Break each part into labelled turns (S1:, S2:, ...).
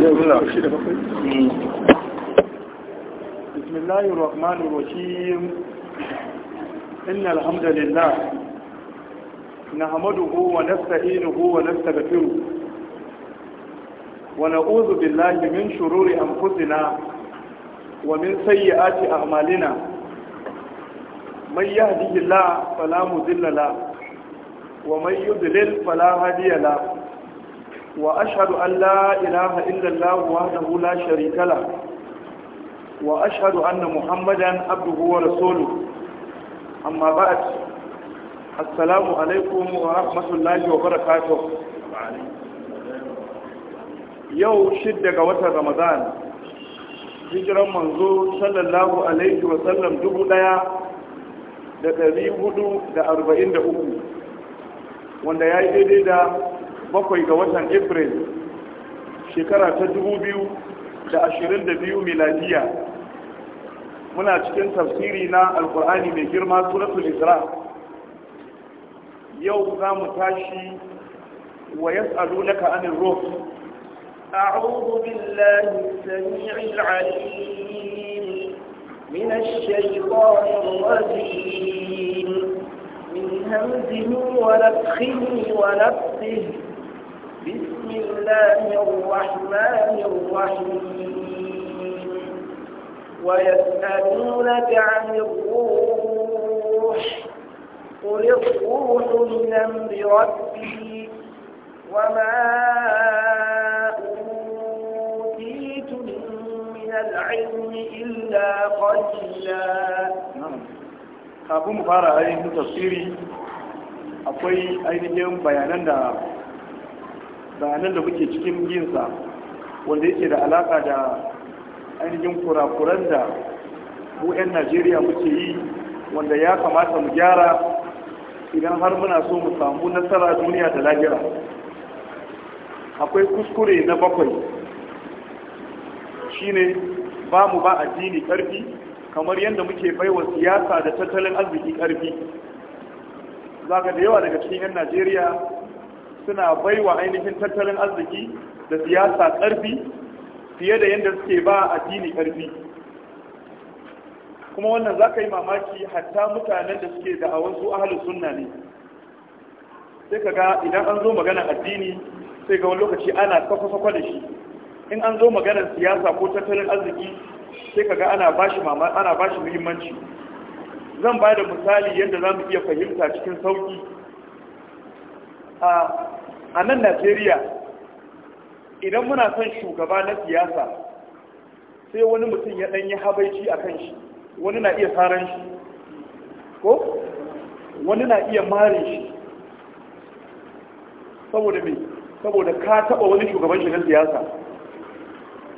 S1: بسم الله الرحمن الرحيم إن الحمد لله نحمده ونستهينه ونستغفره ونعوذ بالله من شرور أنفسنا ومن سيئات أعمالنا من يهدي الله فلا مذل له ومن يذلل فلا هدي له وأشهد أن لا إله إلا الله وحده لا شريك له وأشهد أن محمدا عبده ورسوله أما بعد السلام عليكم ورحمة الله وبركاته يو شدة وتر رمضان hijiran manzo sallallahu alaihi wa sallam dubu daya da dari hudu da arba'in da uku wanda ya yi daidai da bakwai ga watan april shekara ta 2022 miladiya muna cikin tafsiri na alkur'ani mai girma suratul isra yau za mu tashi wa yas'alunaka anir ruh
S2: أعوذ بالله السميع العليم من الشيطان الرجيم من همزه ونفخه ونفسه بسم الله الرحمن الرحيم ويسألونك عن الروح قل الروح من أمر ربي وما أوتيتم من العلم إلا
S1: قليلا kafin mu fara ainihin tafsiri akwai ainihin bayanan da bayanan da muke cikin yinsa wanda yake da alaƙa da ainihin kurakuran da mu 'yan najeriya muke yi wanda ya kamata mu gyara idan har muna so mu samu nasara duniya da lahira akwai kuskure na bakwai shine ba mu ba addini ƙarfi kamar yadda muke baiwa siyasa da tattalin arziki karfi zaka da yawa daga cikin 'yan najeriya suna baiwa ainihin tattalin arziki da siyasa ƙarfi fiye da yadda suke ba addini ƙarfi kuma wannan za ka yi mamaki hatta mutanen da suke da awon su ahalin sunna ne sai ka ga idan an zo maganar addini sai ga wani lokaci ana kwakwakwakwa da shi in an zo maganar siyasa ko tattalin arziki sai ka ga ana ba shi muhimmanci zan ba da misali yadda za mu iya fahimta cikin sauƙi a nan najeriya idan muna son shugaba na siyasa sai wani mutum ya ɗanyi habaici a kan shi wani na iya tsaron shi ko wani na iya mare shi saboda mai saboda ka taɓa wani shugaban shi na siyasa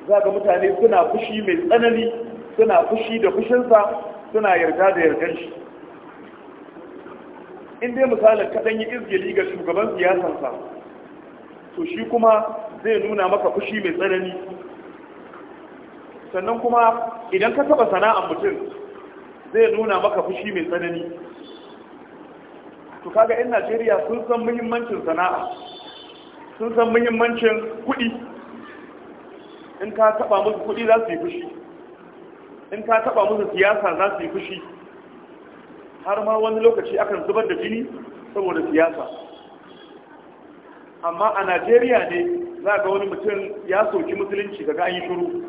S1: za ga mutane suna fushi mai tsanani suna fushi da fushinsa suna yarda da yardan shi in dai misalin kaɗan yi izgili ga shugaban siyasansa to shi kuma zai nuna maka fushi mai tsanani sannan kuma idan ka taba sana'ar mutum zai nuna maka fushi mai tsanani to kaga 'yan najeriya sun san muhimmancin sana'a sun san muhimmancin kuɗi in ka taba musu kuɗi za su yi fushi in ka taba musu siyasa za su yi fushi har ma wani lokaci akan zubar da jini saboda siyasa amma a najeriya ne za ga wani mutum ya soki musulunci daga an yi shuru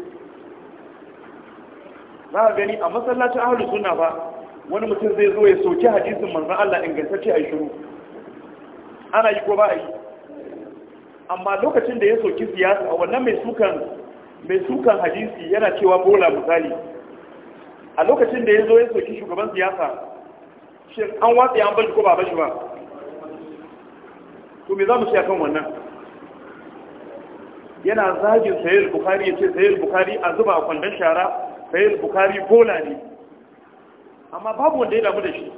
S1: za ka gani a masallacin ahalus suna ba wani mutum zai zo ya soki hadisin manzan allah ingantacce a yi shuru ana yi ko ba a yi amma lokacin da ya soki siyasa a wannan mai sukan mai sukan hadisi yana cewa bola misali a lokacin da ya zo ya soki shugaban siyasa shin an watsa ya an ko ba bashi ba to me za mu akan wannan yana zagin sayar bukari ya ce sayar bukari a zuba kwandon shara sayar bukari bola ne amma babu wanda ya damu da shi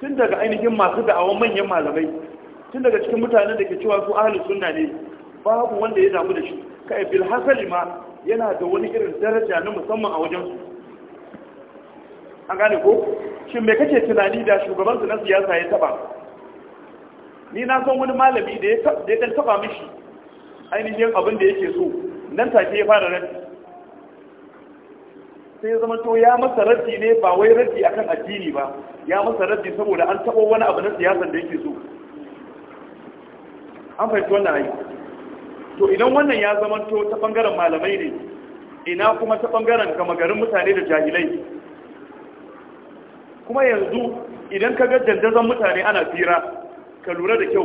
S1: tun daga ainihin masu da'awan manyan malamai tun daga cikin mutanen da ke cewa su ahalin sunna ne babu wanda ya damu da shi kai bil hasali ma yana da wani irin daraja na musamman a wajen su an gane ko shin me kake tunani da shugabansu na siyasa ya taba ni na san wani malami da ya dan taba mishi ainihin abin da yake so nan take ya fara raddi sai zama to ya masa raddi ne ba wai raddi akan addini ba ya masa raddi saboda an taba wani abu na siyasar da yake so an fahimci wannan ai to idan wannan ya zama to ta bangaren malamai ne ina kuma ta bangaren gama garin mutane da jahilai kuma yanzu idan ka ga dandazon mutane ana fira ka lura da kyau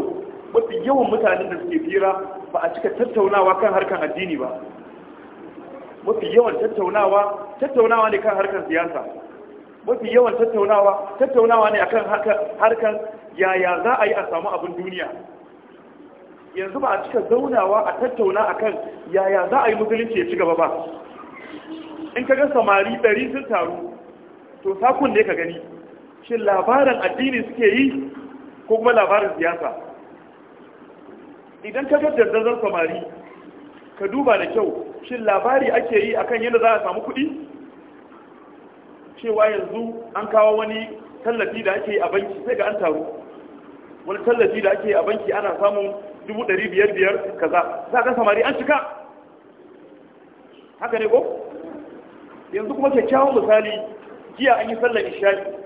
S1: mafi yawan mutanen da suke fira ba a cika tattaunawa kan harkar addini ba mafi yawan tattaunawa tattaunawa ne kan harkar siyasa mafi yawan tattaunawa tattaunawa ne akan harkar yaya za a yi a samu abin duniya yanzu ba a cika zaunawa a tattauna akan yaya za a yi musulunci ya ci gaba ba in ka ga samari ɗari sun taru to sakun ne ka gani shin labarin addini suke yi ko kuma labarin siyasa idan ka da zan samari ka duba da kyau shin labari ake yi akan yadda za a samu kuɗi cewa yanzu an kawo wani tallafi da ake yi a banki sai ga an taru wani tallafi da ake yi a banki ana samun dubu ɗari biyar biyar kaza za ka samari an cika haka ne ko yanzu kuma kyakkyawan misali jiya an yi sallar ishari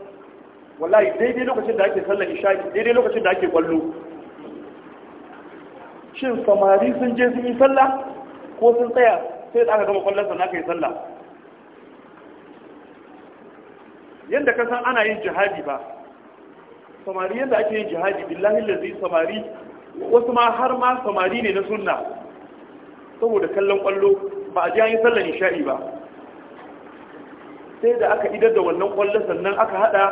S1: wallahi daidai lokacin da ake sallar isha'i daidai lokacin da ake kwallo shin samari sun je sun yi sallah ko sun tsaya sai da aka gama kwallon sa na yi sallah yadda ka san ana yin jihadi ba samari yadda ake yin jihadi billahi lazi samari wasu ma har ma samari ne na sunna saboda kallon kwallo ba a ji an yi sallar isha'i ba sai da aka idar da wannan kwallon sannan aka hada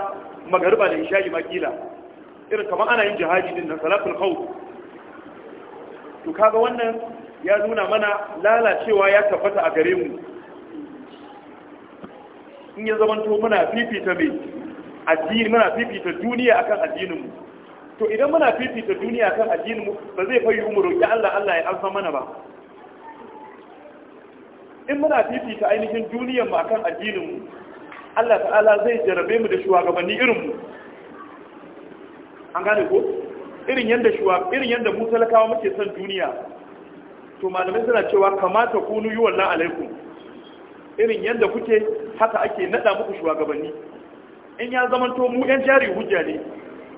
S1: magariba da isha'i ma kila irin kamar ana yin jihadi din na salatul khawf to kaga wannan ya nuna mana lalacewa ya tabbata a gare mu in ya zamanto muna fifita mai addini muna fifita duniya akan addinin mu to idan muna fifita duniya akan addinin mu ba zai fayi mu roki Allah Allah ya amsa mana ba in muna fifita ainihin duniyar mu akan addinin mu Allah ta'ala zai jarabe mu da shugabanni irin mu an gane ko irin yanda shuwa irin yanda mu talakawa muke son duniya to malamai suna cewa kamata ku yi wallan alaikum irin yanda kuke haka ake nada muku shugabanni in ya zama to mu yan jari hujja ne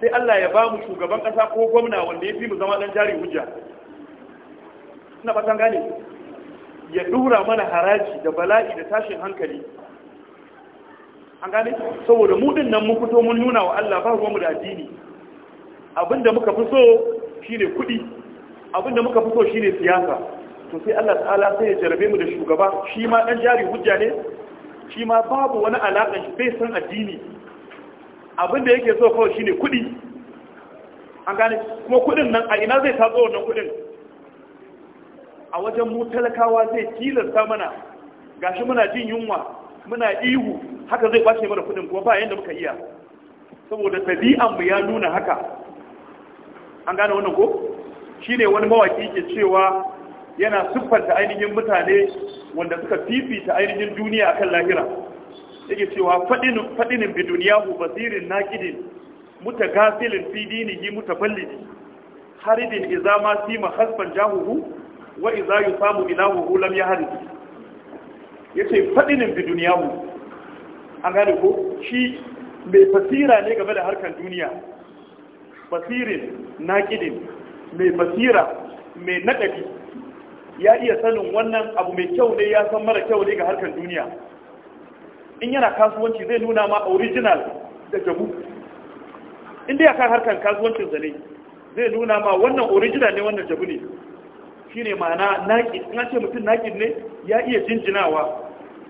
S1: sai Allah ya ba mu shugaban kasa ko gwamna wanda ya fi mu zama dan jari hujja ina fatan gane ya dura mana haraji da bala'i da tashin hankali an gane saboda mu din nan mun fito mun nuna wa Allah ba ruwanmu da addini abinda muka fi so shine kudi abinda muka fi so shine siyasa to sai Allah ta'ala sai ya jarabe mu da shugaba shi ma dan jari hujja ne shi ma babu wani alaka shi sai san addini abinda yake so kawai shine kudi an gane kuma kudin nan a ina zai tatso wannan kudin a wajen mu talakawa zai tilasta mana gashi muna jin yunwa muna ihu haka zai bace mana kudin kuma ba yanda muka iya saboda tabi'an mu ya nuna haka an gane wannan ko shine wani mawaki ke cewa yana siffanta ainihin mutane wanda suka fifita ainihin duniya akan lahira yake cewa fadinin fadinin bi duniyahu basirin naqidin mutagasilin fi dinihi mutafallidi haridin idza ma sima hasban jahuhu wa idza yusamu ilahu lam yahridi Ya ce faɗinin bi duniya mu. an gane ko shi mai fasira ne game da harkar duniya fasirin naƙidin mai fasira mai nadabi ya iya sanin wannan abu mai kyau ne ya san mara kyau ne ga harkar duniya in yana kasuwanci zai nuna ma original da jabu inda ya kan harkar kasuwancin zane zai nuna ma wannan original ne wannan jabu ne ne ma'ana naqid ina ce mutum naqid ne ya iya jinjinawa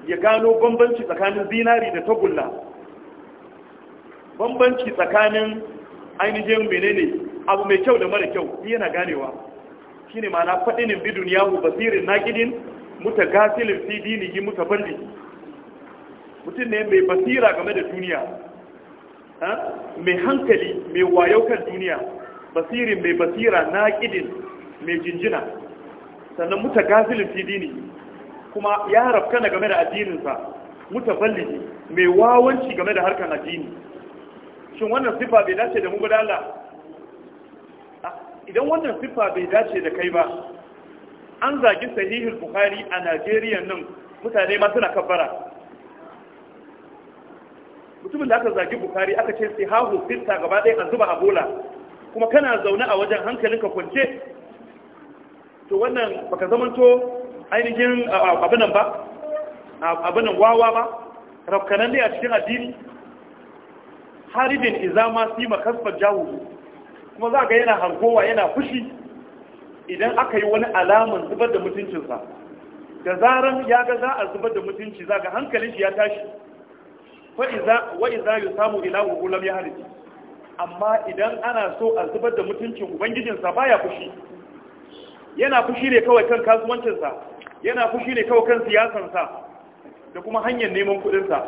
S1: ya gano bambanci tsakanin zinari da tagulla bambanci tsakanin ainihin menene abu mai kyau da mara kyau yana ganewa ne ma'ana faɗinin bidun yahu basirin naƙidin muta gasilin fi dinihi muta bandi mutum ne mai basira game da duniya mai hankali mai wayo kan duniya basirin mai basira naƙidin mai jinjina sannan muta gasilin fi dinihi kuma ya na game da addininsa mutafalliji mai wawanci game da harkar addini shin wannan siffa bai dace da mugu idan wannan siffa bai dace da kai ba an zagi sahihul Buhari a Najeriya nan mutane ma suna kabbara mutumin da aka zagi Buhari aka ce sai hahu fitta gaba ɗaya an zuba a bola kuma kana zaune a wajen hankalinka kwance to wannan baka zamanto ainihin abinan ba abinan wawa ba rafkanan ne a cikin addini haribin izama yi makasfar jawo kuma za ga yana hankowa yana fushi idan aka yi wani alamun zubar da mutuncinsa da zaran ya ga za a zubar da mutunci za ga hankalin shi ya tashi wa'iza yi samu ilahu gulam ya haribi amma idan ana so a zubar da mutuncin ubangijinsa baya fushi yana fushi ne kawai kan kasuwancinsa yana fushi ne kawai kan siyasansa da kuma hanyar neman kuɗinsa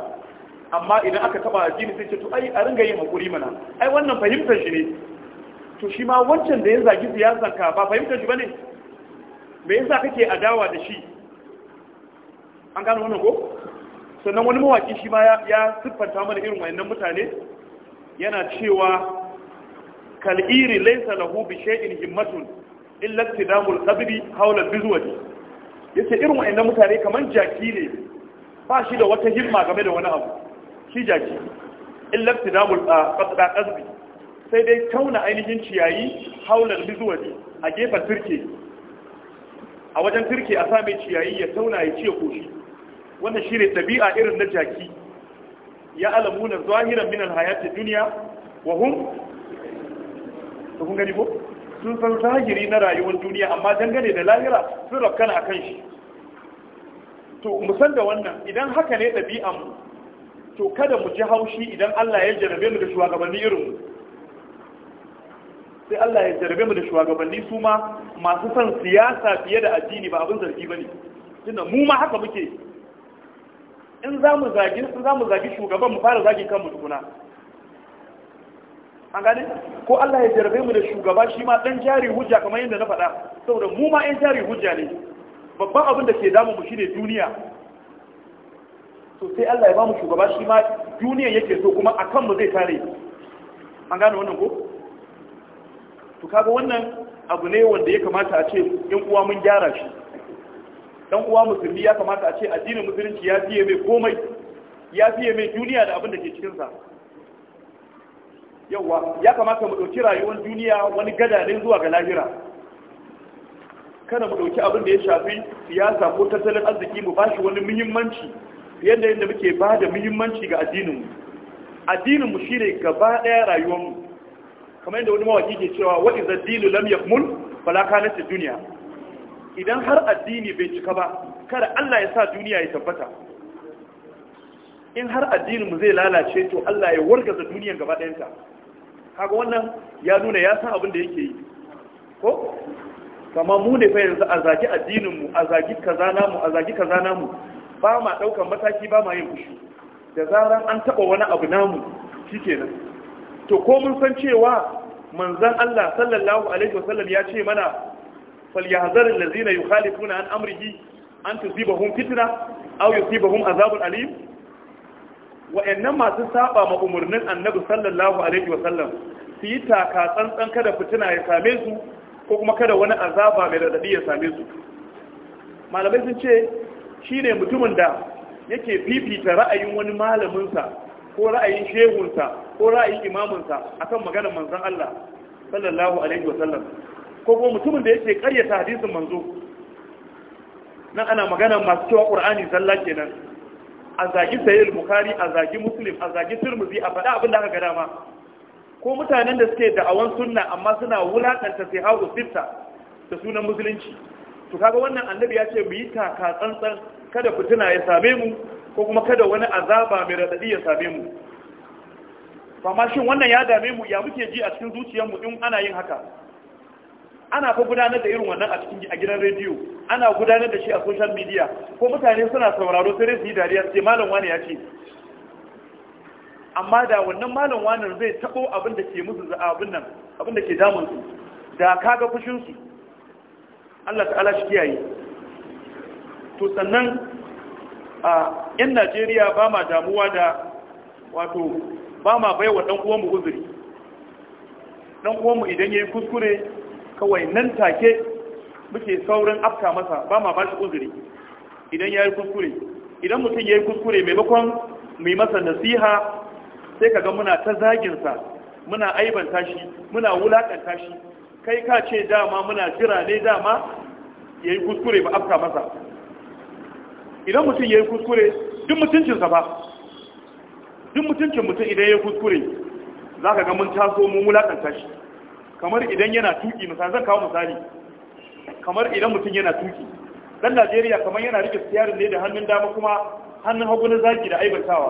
S1: amma idan aka taba addini sai ce to ai a ringa yin hakuri mana ai wannan fahimtar shi ne to shi ma wancan da ya zagi siyasar ka ba fahimtar shi bane me yasa kake adawa da shi an gano wannan ko sannan wani mawaki shi ma ya siffanta mana irin wayannan mutane yana cewa kal'iri laisa lahu bi shay'in himmatun illa iktidamul qabri hawla bizwati Ya ce irin wayannan mutane kamar jaki ne ba shi da wata himma game da wani abu shi jaki illa a ah, qasda qasbi sai dai tauna ainihin ciyayi haular bizuwadi a gefen turke a wajen turke a same ciyayi ya tauna ya ciye koshi wannan ne dabi'a irin na jaki ya alamuna zahiran min alhayati dunya wa hum to kun gani ko sun san zahiri na rayuwar duniya amma dangane da lahira sun rafkana a kan shi to musan da wannan idan haka ne ɗabi'anmu to kada mu ji haushi idan Allah ya jarabe mu da shugabanni irinmu sai Allah ya jarabe mu da shugabanni su ma masu son siyasa fiye da addini ba abin zargi ba ne tunda mu ma haka muke in za mu zagi shugaban mu fara zagi kanmu tukuna an gane ko Allah ya jarabe mu da shugaba shi ma dan jari hujja kamar yadda na faɗa saboda mu ma yan jari hujja ne babban abin da ke damu mu shine duniya to sai Allah ya ba mu shugaba shi ma duniya yake so kuma akan mu zai tare an gane wannan ko to kaga wannan abu ne wanda ya kamata a ce yan uwa mun gyara shi dan uwa musulmi ya kamata a ce addinin musulunci ya fiye mai komai ya fiye mai duniya da abin da ke cikin sa yauwa ya kamata mu ɗauki rayuwar duniya wani gada ne zuwa ga lahira kada mu ɗauki abin da ya shafi siyasa ko tattalin arziki mu bashi wani muhimmanci fiye da yadda muke ba da muhimmanci ga addininmu addininmu shi ne gaba ɗaya rayuwarmu kamar yadda wani mawaki ke cewa wa iza dinu lam yakmul fala kanat dunya idan har addini bai cika ba kada Allah ya sa duniya ya tabbata in har addinin mu zai lalace to Allah ya wargaza duniyar gaba ɗayanta kaga wannan ya nuna ya san abin da yake yi ko kama mu ne fa yanzu a zagi addinin mu a zagi kaza namu a zagi kaza namu ba ma daukan mataki ba ma yin kushi da zaran an taba wani abu namu shikenan to ko mun san cewa manzon Allah sallallahu alaihi wasallam ya ce mana yahzar allazina yukhalifuna an amrihi an tusibahum fitna aw yusibahum azabun alim wa'annan masu saba ma umarnin annabi sallallahu alaihi wasallam su yi taka tsantsan kada fitina ya same su ko kuma kada wani azaba mai radadi ya same su malamai sun ce shi ne mutumin da yake fifita ra'ayin wani malaminsa ko ra'ayin shehunsa ko ra'ayin imaminsa akan maganar manzon Allah sallallahu alaihi wasallam ko kuma mutumin da yake karyata hadisin manzo nan ana maganar masu cewa qur'ani zalla kenan a zagi sayyid bukhari a zagi muslim a zagi turmuzi a faɗa abin da aka ga ma. ko mutanen da suke da da'awan sunna amma suna wulakanta sai hawo sifta da sunan musulunci to kaga wannan annabi ya ce mu yi taka tsantsan kada fitina ya same mu ko kuma kada wani azaba mai radadi ya same mu amma shin wannan ya dame mu ya muke ji a cikin zuciyarmu in ana yin haka ana fa gudanar da irin wannan a cikin a gidan rediyo ana gudanar da shi a social media ko mutane suna sauraro sai su yi dariya sai malam wani ya ce amma da wannan malam wani zai tabo abin da ke musu abin nan abin da ke damun su da kaga fushin su Allah ta'ala shi kiyaye to sannan a yan Najeriya ba ma damuwa da wato ba ma bai wa dan mu uzuri dan uwanmu idan yayi kuskure kawai nan take muke saurin afka masa ba ma ba shi uzuri idan ya yi kuskure idan mutum ya yi kuskure maimakon mai masa nasiha sai kaga muna ta zaginsa muna aibanta shi muna wulakanta shi kai ka ce dama muna jira ne dama ya yi kuskure ba afka masa idan mutum ya yi kuskure duk mutuncinsa ba duk mutuncin mutum idan ya yi kuskure za ka ga mun taso mun wulakanta shi kamar idan yana tuki misali zan kawo misali kamar idan mutum yana tuki dan Najeriya kamar yana rike siyarin ne da hannun dama kuma hannun hagu na zaki da aibatawa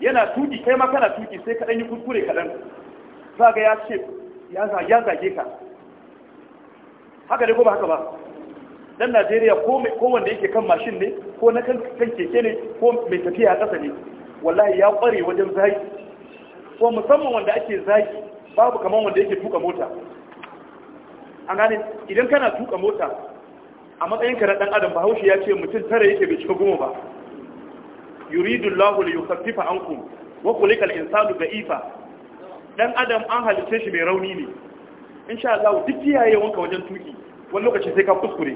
S1: yana tuki kai ma kana tuki sai ka yi kuskure kaɗan za ga ya ce ya zage ka haka dai ko ba haka ba dan najeriya ko wanda yake kan mashin ne ko na kan keke ne ko mai tafiya a ƙasa ne wallahi ya ƙware wajen zagi ko musamman wanda ake zagi babu kamar wanda yake tuka mota an gane idan kana tuka mota a matsayin ka na dan adam bahaushe ya ce mutum tara yake bai cika goma ba yuridu llahu li yukaffifa ankum wa khuliqa al-insanu da'ifa dan adam an halice shi mai rauni ne insha Allah duk wanka wajen tuki wani lokaci sai ka kuskure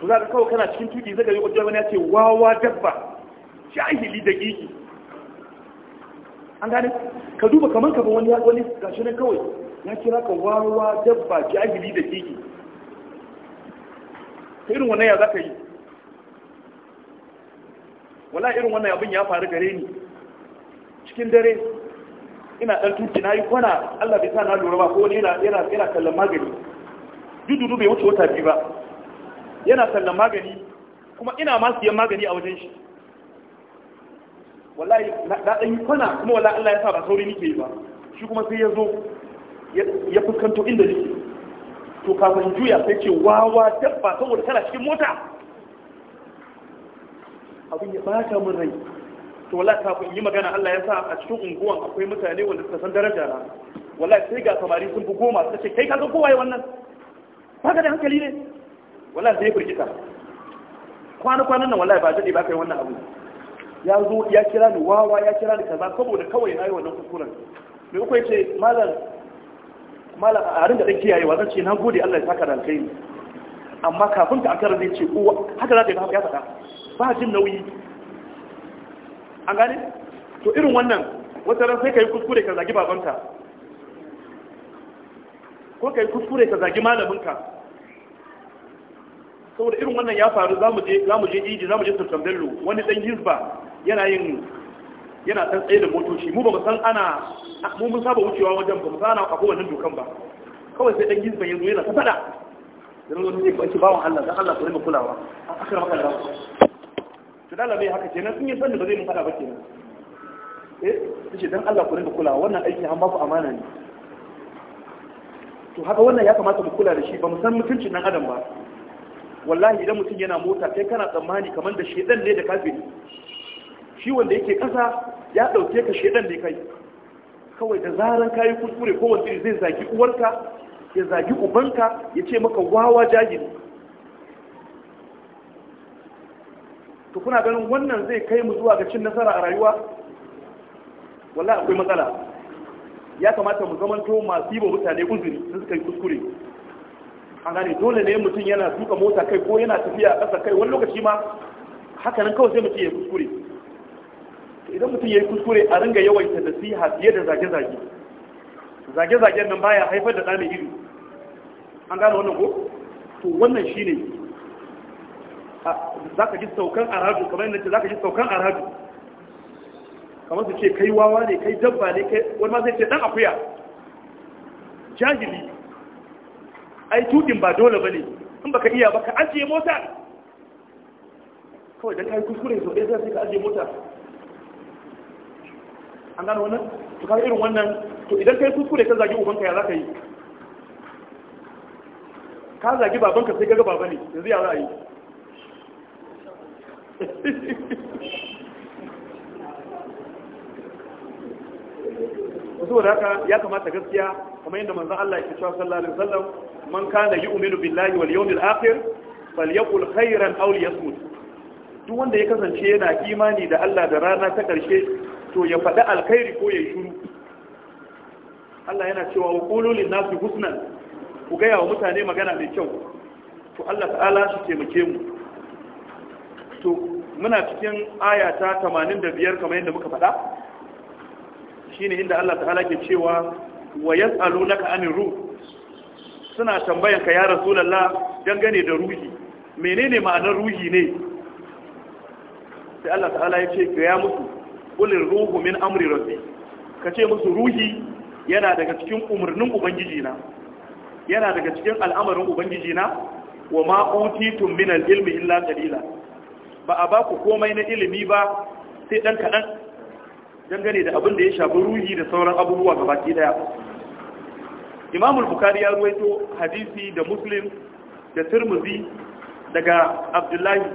S1: to za ka kawo kana cikin tuki zai ga wajen wani ya ce wawa dabba jahili da gigi an gane ka duba kamar ka ba wani wani gashi ne kawai ya kira ka waruwa dabba ajili da kiki ta irin wannan ya za ka yi wala irin wannan abin ya faru gare ni cikin dare ina dan tuki na yi kwana allah bai sa na lura ba ko wani yana kallon magani dududu bai wuce wata biyu ba yana kallon magani kuma ina ma siyan magani a wajen shi wallahi na dan yi kwana kuma wallahi allah ya sa ba sauri yi ba shi kuma sai ya zo ya fuskanto inda ne to kafin juya sai ce wawa dabba saboda tana cikin mota abin ya bata min rai to wala kafin yi magana Allah ya sa a cikin unguwan akwai mutane wanda suka san daraja na wala sai ga samari sun fi goma suka ce kai ka ga kowa ya wannan ka da hankali ne wala sai ya firgita kwana kwanan nan wallahi ba zai ba kai wannan abu ya zo ya kira ni wawa ya kira ni kaza saboda kawai na yi wannan kuskuren me uku yace malam malam a rinda dan kiyayewa zan ce na gode Allah ya saka da alkhairi amma kafin ka akara zai ce kowa haka za ta yi ya faɗa ba jin nauyi an gane to irin wannan wata ran sai ka yi kuskure ka zagi babanta, ko ka yi kuskure ka zagi malaminka saboda irin wannan ya faru za mu je idi za mu je sultan bello wani ɗan hizba yana yin yana san tsaye da motoci mu ba mu san ana mu mun saba wucewa wajen ba mu san ana akwai wannan dokan ba kawai sai dan gizban yanzu yana ta fada da nan ne ba shi wannan Allah dan Allah ku rinka kulawa an akara maka da to dala bai haka kenan sun yi sanin ba zai mun fada ba kenan eh shi dan Allah ku rinka kulawa wannan aiki an ba ku amana ne to haka wannan ya kamata mu kula da shi ba mu san mutuncin dan adam ba wallahi idan mutum yana mota kai kana tsammani kamar da shedan ne da kafiri shi wanda yake ƙasa ya ɗauke ka shaidan ne kai kawai da zaran ka yi kuskure ko wanda zai zagi uwarka ya zagi ubanka ya ce maka wawa jahili to kuna ganin wannan zai kai mu zuwa ga cin nasara a rayuwa wallahi akwai matsala ya kamata mu zamanto masu yi mutane uzuri sun suka yi kuskure an gane dole ne mutum yana tuka mota kai ko yana tafiya a ƙasa kai wani lokaci ma haka kawai sai mutum ya kuskure idan mutum ya yi kuskure a ringa yawaita nasiha fiye da zage-zage zage-zagen nan baya haifar da ɗane iri. an gane wannan ko to wannan shi ne za ka ji saukan aradu kamar yadda za ka ji saukan aradu kamar su ce kai wawa ne kai dabba ne kai wani ma zai ce ɗan akuya jahili ai tukin ba dole ba ne in baka iya baka ajiye mota kawai don ka yi kuskure sau ɗaya zai ka ajiye mota an gano wannan to kaga irin wannan to idan kai kuskure ka zagi ubanka ya zaka yi ka zagi babanka sai kaga baba ne yanzu ya za a yi wasu haka ya kamata gaskiya kamar yadda manzan Allah ya cewa sallallahu alaihi wasallam man kana yu'minu billahi wal yawmil akhir falyaqul khairan aw liyasmut duk wanda ya kasance yana imani da Allah da rana ta karshe to ya faɗi alkhairi ko ya yi shuru Allah yana cewa qulu lin nasi husnan ku gaya wa mutane magana mai kyau to Allah ta'ala shi taimake mu to muna cikin aya ta 85 kamar yadda muka faɗa shine inda Allah ta'ala ke cewa wa yas'alunaka anir ruh suna tambayan ka ya rasulullah dangane da ruhi menene ma'anar ruhi ne sai Allah ta'ala ya ce ga ya musu kulin ruhu min amri rabbi ka ce musu ruhi yana daga cikin umarnin ubangiji na yana daga cikin al'amarin ubangiji na wa ma utitum min al-ilmi illa qalila ba a ba ku komai na ilimi ba sai dan kadan dangane da abin da ya shafi ruhi da sauran abubuwa gabaki daya Imam al-Bukhari ya ruwaito hadisi da Muslim da Tirmidhi daga Abdullahi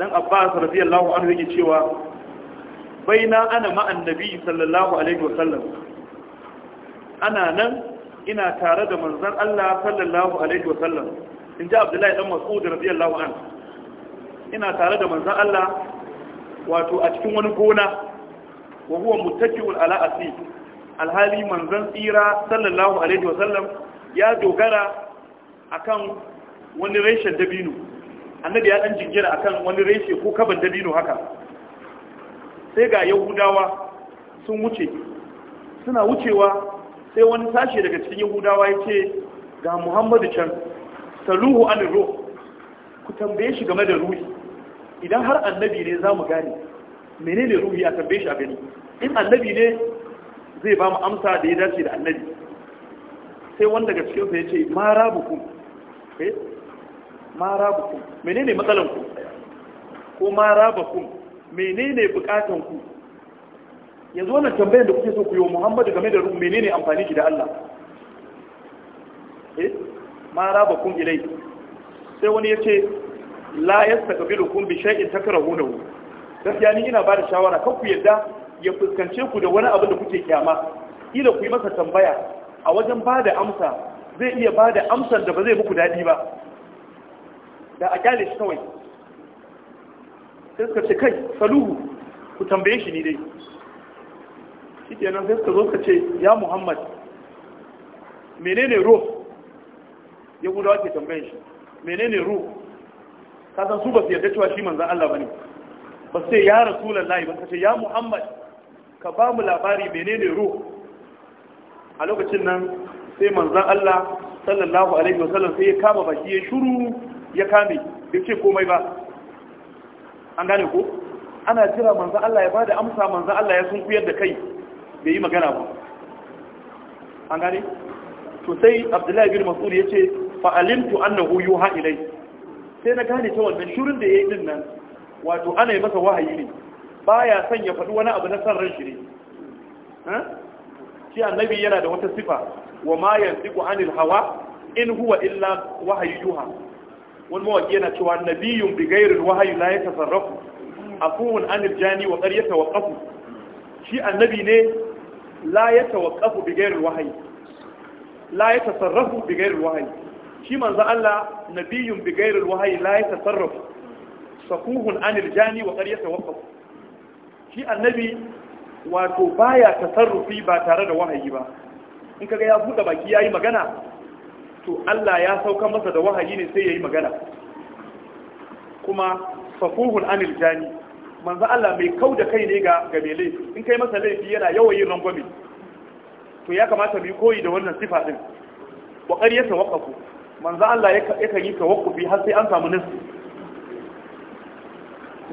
S1: dan Abbas radiyallahu anhu yake cewa baina ana ma'an nabi sallallahu alaihi wasallam ana nan ina tare da manzon Allah sallallahu alaihi wasallam in ji abdullahi dan mas'ud radiyallahu an ina tare da manzon Allah wato a cikin wani gona wa huwa muttaki'un ala asib alhali manzon tsira sallallahu alaihi wasallam ya dogara akan wani reshen dabino annabi ya dan jingira akan wani reshe ko kaban dabino haka sai ga yahudawa sun wuce suna wucewa sai wani sashi daga cikin yahudawa ya ce ga muhammadu can saluhu an ruh ku tambaye shi game da ruhi idan har annabi ne za mu gane menene ruhi a tambaye shi a gani in annabi ne zai ba mu amsa da ya dace da annabi sai wanda daga cikinsa ya ce ma rabuku eh? ma rabuku menene matsalanku ko ma rabakum menene bukatan ku yanzu wannan tambayar da kuke so ku yi wa Muhammadu game da ruhu menene amfani shi da Allah eh ma rabakum ilai sai wani yace la yastaqbilukum bi shay'in takrahunahu gaskiya ni ina bada shawara kan ku yadda ya fuskance ku da wani abu da kuke kyama ila ku yi masa tambaya a wajen bada amsa zai iya bada amsar da ba zai muku dadi ba da a kyale shi kawai sai suka ce kai saluhu ku tambaye shi ni dai shi kenan sai suka zo suka ce ya muhammad menene ruh ya gudawa ke tambayin shi menene ruh ka san su ba su yarda cewa shi manzan Allah ba ne. ba sai ya rasulullahi ba ce ya muhammad ka ba mu labari menene ruh a lokacin nan sai manzan Allah sallallahu alaihi wasallam sai ya kama baki ya shuru ya kame ya ce komai ba an gane ko ana jira manzan Allah ya bada amsa manzan Allah ya sun kuyar da kai bai yi magana ba an gane to sai abdullahi bin mas'ud ya ce fa'alimtu annahu yuha ilai sai na gane ta wannan shirin da ya yi din nan wato ana yi masa wahayi ne baya son ya faɗi wani abu na san ran shi ne shi annabi yana da wata sifa wa ma yantiqu anil hawa in huwa illa wahayi yuha wani mawaki yana cewa nabiyun bi ghairil wahyi la yatasarrafu afuwun anil jani wa qad yatawaqqafu shi annabi ne la yatawaqqafu bi ghairil wahyi la yatasarrafu bi ghairil wahyi shi manzo Allah nabiyun bi ghairil wahyi la yatasarrafu safuhun anil jani wa qad yatawaqqafu shi annabi wato baya tasarrufi ba tare da wahayi ba in kaga ya buɗe baki yayi magana to Allah ya sauka masa da wahayi ne sai ya yi magana kuma safuhun anil jani manzo Allah mai kau da kai ne ga ga in kai masa laifi yana yawan yin rangwame to ya kamata mu koyi da wannan sifa din wa qad yatawaqqafu manzo Allah yakan yi tawaqqufi har sai an samu nasi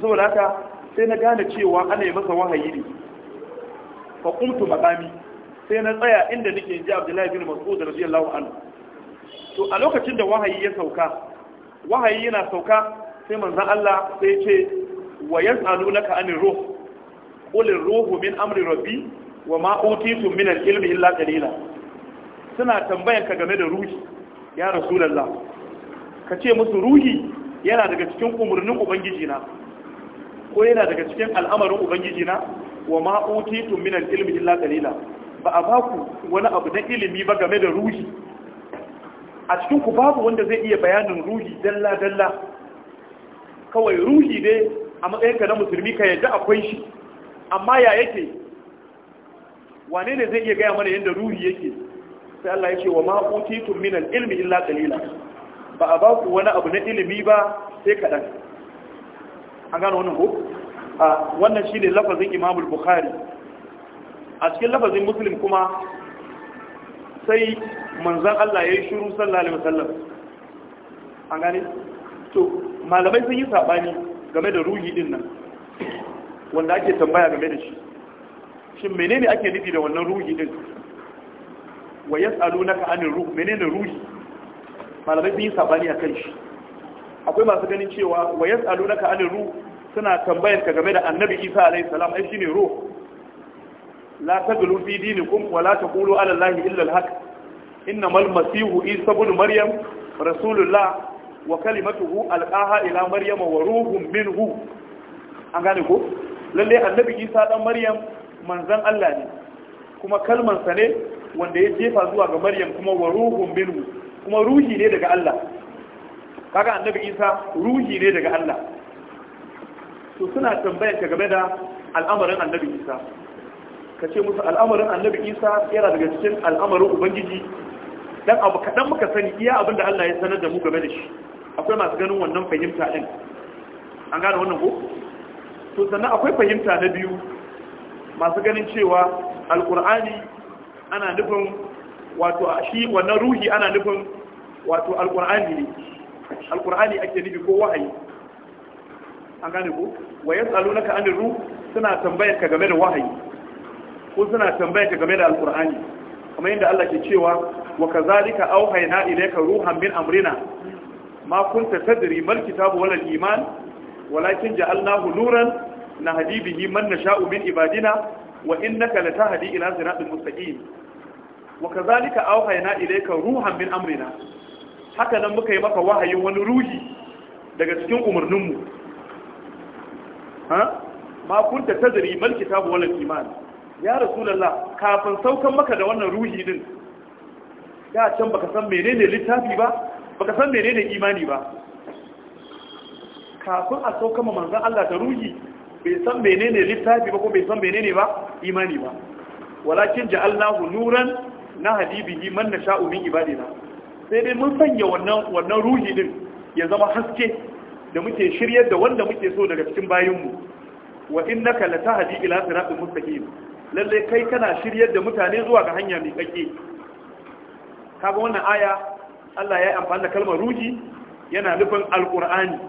S1: saboda haka sai na gane cewa ana yi masa wahayi ne fa qumtu maqami sai na tsaya inda nake ji Abdullahi bin Mas'ud radiyallahu anhu to a lokacin da wahayi ya sauka wahayi yana sauka sai manzan Allah sai ce wa yas'alunaka anir ruh qul ruhu min amri rabbi wa ma utitu min al-ilmi illa qalila suna tambayan ka game da ruhi ya rasulullah ka ce musu ruhi yana daga cikin umurnin ubangiji na ko yana daga cikin al'amarin ubangiji na wa ma utitu min al-ilmi illa qalila ba a baku wani abu na ilimi ba game da ruhi a cikin ku babu wanda zai iya bayanin ruhi dalla dalla kawai ruhi ne a matsayinka na musulmi ka yadda akwai shi amma ya yake wane ne zai iya gaya mana yadda ruhi yake sai Allah ya ce wa ma turminan ilmi illa kalila ba a baku wani abu na ilimi ba sai kaɗan. an gano wannan ko a wannan ne lafazin imamul bukhari a cikin lafazin Muslim kuma sai manzan Allah ya yi shuru sallallahu alaihi wasallam an gane to malamai sun yi sabani game da ruhi din nan wanda ake tambaya game da shi shin menene ake nufi da wannan ruhi din wa yas'alunaka anil ruh menene ruhi malamai sun yi sabani akan shi akwai masu ganin cewa wa yas'alunaka anil ruh suna tambayar ka game da annabi Isa alaihi salam ai shine ruh la taglu fi dinikum wa la taqulu ala allahi illa alhaq innamal masihu isa ibn maryam rasulullah wa kalimatuhu alqaha ila maryam wa ruhun minhu an gane ko lalle annabi isa dan maryam manzon Allah ne kuma ne wanda ya jefa zuwa ga maryam kuma wa ruhun minhu kuma ruhi ne daga Allah kaga annabi isa ruhi ne daga Allah to suna tambayar ta game da al'amarin annabi isa ka ce musu al'amarin annabi isa yana daga cikin al'amarin ubangiji dan abu kaɗan muka sani iya abin da allah ya sanar da mu game da shi akwai masu ganin wannan fahimta ɗin an gane wannan ko to sannan akwai fahimta na biyu masu ganin cewa alkur'ani ana nufin wato a shi wannan ruhi ana nufin wato alkur'ani ne alkur'ani ake nufi ko wahayi an gane ko wa na ka'anin ruh suna tambayar ka game da wahayi ko suna tambaya ka game da alkur'ani kamar yadda Allah ke cewa wa kazalika auhayna ilayka ruhan min amrina ma kunta tadri mal kitabu wal iman walakin ja'alnahu nuran nahdi bihi man nasha'u min ibadina wa innaka latahdi ila siratal mustaqim wa kazalika auhayna ilayka ruhan min amrina haka nan muka yi maka wahayin wani ruhi daga cikin umarninmu ha ma kunta tadri mal kitabu wal iman ya rasulullah kafin saukan maka da wannan ruhi din ya can baka san menene littafi ba baka san menene imani ba kafin a saukan manzon Allah da ruhi bai san menene littafi ba ko bai san menene ba imani ba walakin ja'alnahu nuran na hadibihi man nasha'u min ibadina sai dai mun sanya wannan wannan ruhi din ya zama haske da muke shiryar da wanda muke so daga cikin bayinmu wa innaka latahdi ila siratin mustaqim lalle kai kana shiryar da mutane zuwa ga hanya mai kake kaga wannan aya Allah ya yi amfani da kalmar ruhi yana nufin alqur'ani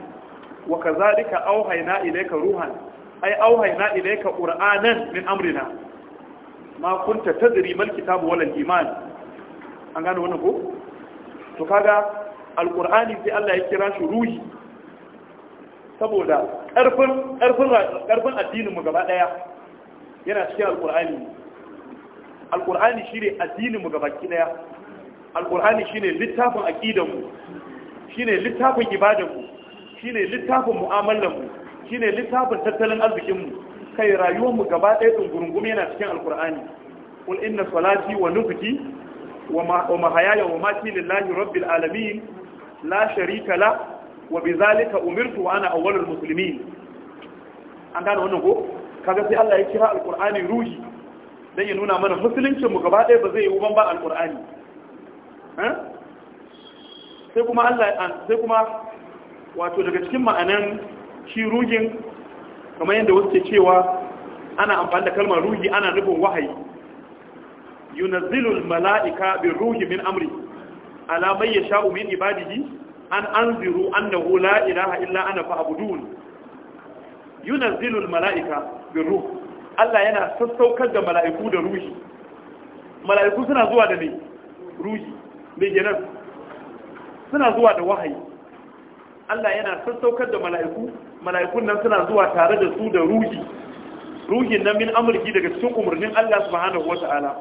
S1: wa kazalika auhayna ilayka ruhan ay auhayna ilayka qur'anan min amrina ma kunta tadri mal kitabu wal iman an gane wannan ko to kaga alqur'ani sai Allah ya kira shi ruhi saboda ƙarfin addinin mu gaba ɗaya yana cikin alkur'ani alkur'ani shi ne addininmu ga baki daya alkur'ani shi ne littafin aƙidanmu shi ne littafin ibadanmu shi ne littafin mu'amalanmu shi ne littafin tattalin arzikinmu kai rayuwarmu gaba ɗaya ɗungurungum yana cikin alkur'ani kul inna salati wa nufuki wa mahayaya wa mati lillahi rabbil alamin la sharika la wa bi zalika umirtu wa ana awwalul muslimin an gane wannan ko kaga sai Allah ya kira alqur'ani ruhi dan ya nuna mana musuluncin mu gaba ɗaya ba zai yi ba alqur'ani eh? sai kuma Allah sai kuma wato daga cikin ma'anan shi ruhin kamar yadda wasu ke cewa ana amfani da kalmar ruhi ana nufin wahayi yunazzilul mala'ika bi ruhi min amri ala man yasha'u min ibadihi an anziru annahu la ilaha illa ana fa'budun yunazzilul mala'ika birru Allah yana sassaukar da mala'iku da ruhi mala'iku suna zuwa da ne ruhi mai kenan suna zuwa da wahayi Allah yana sassaukar da mala'iku mala'ikun nan suna zuwa tare da su da ruhi ruhin nan min amurki daga cikin umarnin Allah subhanahu wata'ala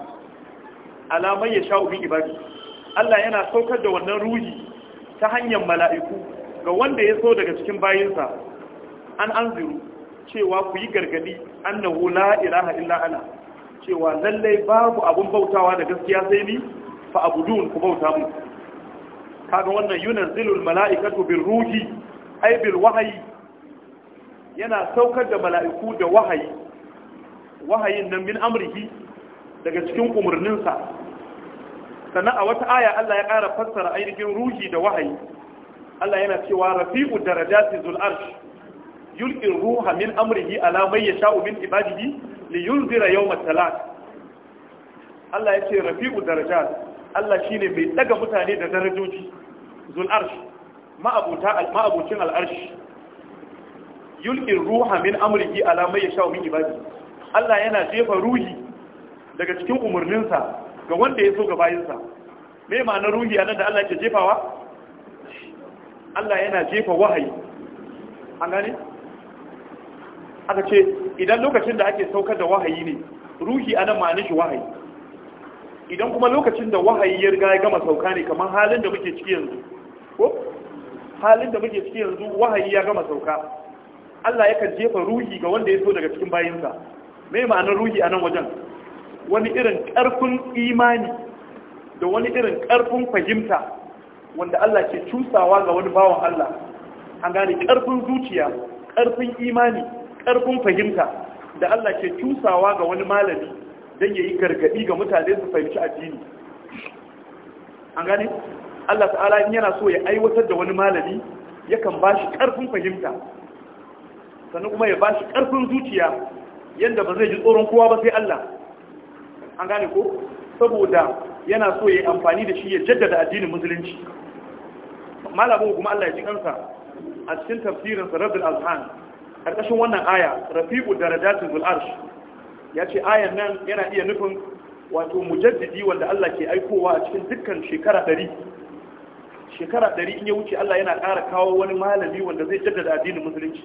S1: alamai ya sha ubi ibadi Allah yana saukar da wannan ruhi ta hanyar mala'iku ga wanda ya so daga cikin bayinsa an anziru cewa ku yi gargadi annahu la ilaha illa ana cewa lallai babu abun bautawa da gaskiya sai ni fa abudun ku bauta mu kaga wannan yunzilul mala'ikatu bir ruhi ay bil wahyi yana saukar da mala'iku da wahayi wahayin nan min amrihi daga cikin umarninsa sannan a wata aya Allah ya ƙara fassara ainihin ruhi da wahayi Allah yana cewa rafi'u darajati zul arsh yulki ruha min amrihi ala man yasha'u min ibadihi li yunzira yawm at-talat Allah ya ce rafi'u darajat Allah shine mai daga mutane da darajoji zul arsh ma'abuta al-ma'abucin al-arsh yulki ruha min amrihi ala man yasha'u min ibadihi Allah yana jefa ruhi daga cikin umarninsa ga wanda ya so ga bayinsa me ma'anar ruhi anan da Allah yake jefawa Allah yana jefa wahayi an gane aka ce idan lokacin da ake saukar da wahayi ne ruhi ana ma'anin wahayi idan kuma lokacin da wahayi ya riga ya gama sauka ne kamar halin da muke ciki yanzu ko halin da muke ciki yanzu wahayi ya gama sauka Allah yakan jefa ruhi ga wanda ya so daga cikin bayinsa me ma'anar ruhi anan nan wajen wani irin karfin imani da wani irin karfin fahimta wanda Allah ke cusawa ga wani bawan Allah an gane karfin zuciya ƙarfin imani ƙarfin fahimta da Allah ke cusawa ga wani malami don ya yi gargaɗi ga mutane su fahimci addini an gane Allah ta'ala in yana so ya aiwatar da wani malami yakan ba shi ƙarfin fahimta sannan kuma ya ba shi ƙarfin zuciya yadda ba zai ji tsoron kowa ba sai Allah an gane ko saboda yana so ya amfani da shi ya jaddada addinin musulunci malamin kuma Allah ya ji kansa a cikin tafsirin sa Rabbul ƙarƙashin wannan aya rafi'u da zul arsh ya ce ayan nan yana iya nufin wato mujaddidi wanda Allah ke aikowa a cikin dukkan shekara ɗari shekara ɗari in ya wuce Allah yana ƙara kawo wani malami wanda zai jaddada addinin musulunci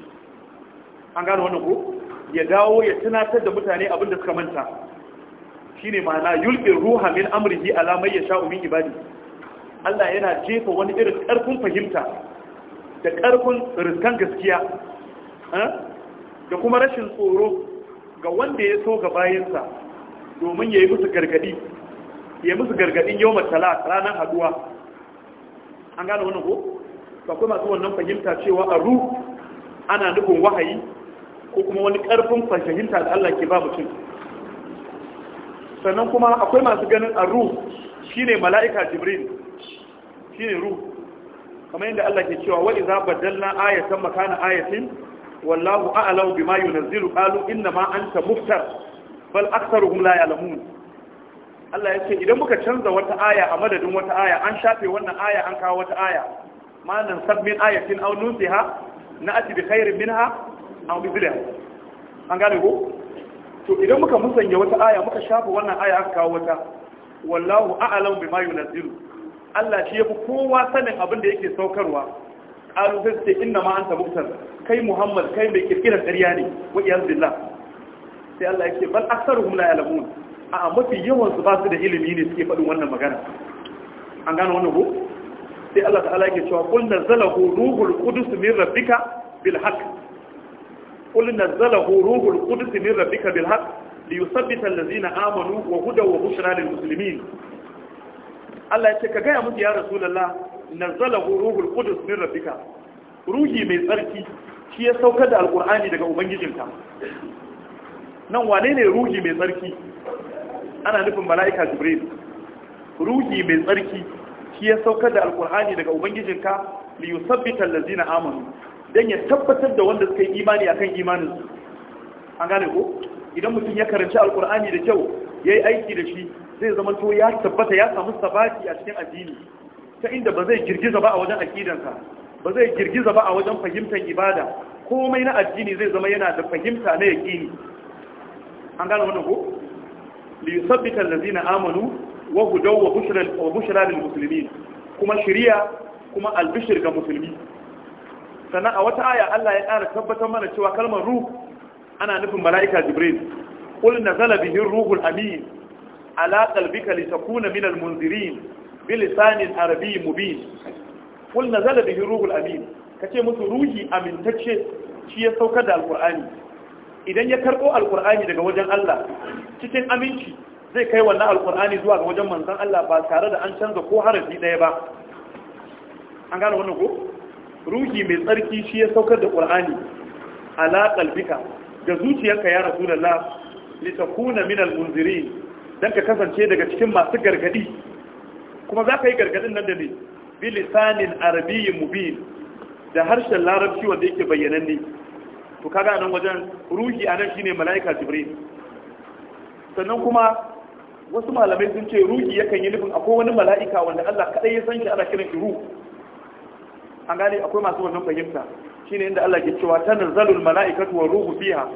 S1: an gano wannan ko ya dawo ya tunatar da mutane abin da suka manta shine ma'ana yulƙin ruha min amrihi ala may yasha'u ibadi Allah yana jefa wani irin ƙarfin fahimta da ƙarfin riskan gaskiya da kuma rashin tsoro ga wanda ya so ga bayansa domin ya yi musu gargadi ya musu gargadin yau matala ranar haduwa an gane wannan ko akwai masu wannan fahimta cewa a ru ana nufin wahayi ko kuma wani karfin fahimta da Allah ke ba mutum sannan kuma akwai masu ganin a shi shine mala'ika jibril shine ruh kamar yadda Allah ke cewa wa za badalna ayatan makana ayatin wallahu a'lamu bima yunzilu qalu inna ma anta muftar bal aktharuhum la ya'lamun Allah ya ce idan muka canza wata aya a madadin wata aya an shafe wannan aya an kawo wata aya ma sabmin ayatin aw nusiha na'ti bi khairin minha aw mithliha an gane ko to idan muka musanya wata aya muka shafe wannan aya aka kawo wata wallahu a'lamu bima yunzilu Allah shi yafi kowa sanin abin da yake saukarwa qalu sai su ce inna ma anta mubtar kai muhammad kai mai kirkirar ƙarya ne wa iyaz billah sai Allah ya ce bal aktsaruhum la ya'lamun a mafi yawan su ba su da ilimi ne suke faɗin wannan magana an gano wannan ko sai Allah ta'ala yake cewa qul nazzalahu ruhul qudus min rabbika bil haqq qul nazzalahu ruhul qudus min rabbika bil haqq liyuthabbita allazina amanu wa huda wa bushra lil muslimin Allah ya ce ka ga ya musu ya rasulullah nazala ruhul qudus min rabbika ruhi mai tsarki shi ya saukar da alqur'ani daga ubangijinka nan wane ne ruhi mai tsarki ana nufin mala'ika jibril ruhi mai tsarki shi ya saukar da alqur'ani daga ubangijinka li yusabbita allazina amanu dan ya tabbatar da wanda suka yi imani akan imanin su an gane ko idan mutum ya karanci alqur'ani da kyau yayi aiki da shi zai zama to ya tabbata ya samu sabati a cikin addini ta inda ba zai girgiza ba a wajen aqidansa ba zai girgiza ba a wajen fahimtar ibada komai na addini zai zama yana da fahimta na yaqini an gane wannan ko li yusabbita allazina amanu wa hudaw wa bushra wa bushra lil muslimin kuma shari'a kuma albishir ga musulmi sannan a wata aya Allah ya ƙara tabbatar mana cewa kalmar ruh ana nufin mala'ika jibril qul nazala bihi ruhul amin ala qalbika litakuna minal munzirin bilisanin arabi mubin kul nazala bihi ruhul ka ce musu ruhi amintacce shi ya saukar da alqur'ani idan ya karbo alqur'ani daga wajen Allah cikin aminci zai kai wannan alqur'ani zuwa ga wajen manzon Allah ba tare da an canza ko harafi daya ba an gane wannan ko ruhi mai tsarki shi ya saukar da qur'ani ala qalbika ga zuciyarka ya rasulullah litakuna min almunzirin dan ka kasance daga cikin masu gargadi kuma za ka yi gargadin nan da ne bilisanin arabiyyin mubin da harshen larabci wanda yake ne, to kaga nan wajen ruhi anan ne mala'ika jibril sannan kuma wasu malamai sun ce ruhi yakan yi nufin akwai wani mala'ika wanda Allah kadai ya san shi ana kiran shi ruh an gane akwai masu wannan fahimta shine inda Allah ke cewa tanazzalul mala'ikatu wa ruhu fiha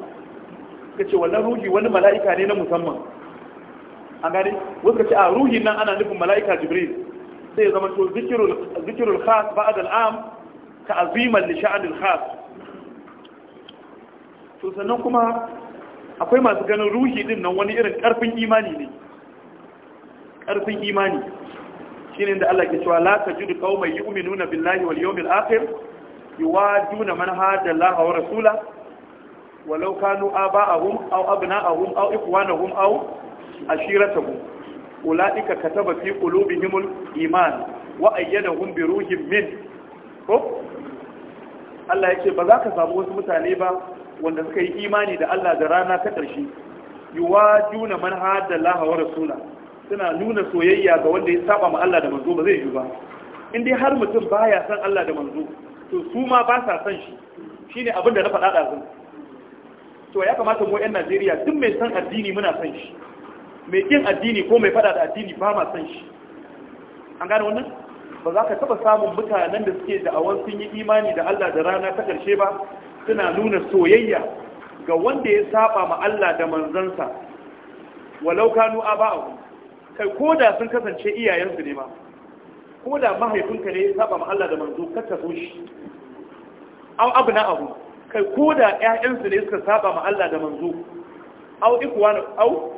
S1: kace wannan ruhi wani mala'ika ne na musamman an gane wasu ce a ruhin nan ana nufin mala'ika jibril sai zama to zikirul khas ba'ad al'am ka aziman li khas to sannan kuma akwai masu ganin ruhi din nan wani irin karfin imani ne karfin imani shine da Allah ke cewa la tajidu qauman yu'minuna billahi wal yawmil akhir yuwaduna man hada Allah wa rasula walau kanu aba'ahum aw abna'ahum aw ikwanahum aw ashiratahu ulaika kataba fi qulubihimul iman wa ayyadahum bi ruhin min ko Allah ya ce ba za ka samu wasu mutane ba wanda suka yi imani da Allah da rana ta ƙarshe yuwa juna man hada Allah wa rasula suna nuna soyayya ga wanda ya saba ma Allah da manzo ba zai yi ba in dai har mutum baya san Allah da manzo to su ma ba sa san shi shine abin da na faɗa ɗazun to ya kamata mu 'yan Najeriya duk mai san addini muna san shi mai kin addini ko mai fada da addini ba ma san shi an gane wannan ba za ka taba samun mutanen da suke da'awar sun yi imani da Allah da rana ta karshe ba suna nuna soyayya ga wanda ya saba ma Allah da manzansa walau kanu aba'u kai koda sun kasance iyayensu ne ma koda mahaifinka ne ya saba ma Allah da manzo ka so shi aw abna abu kai koda ƴaƴansu ne suka saba ma Allah da manzo aw ikwana aw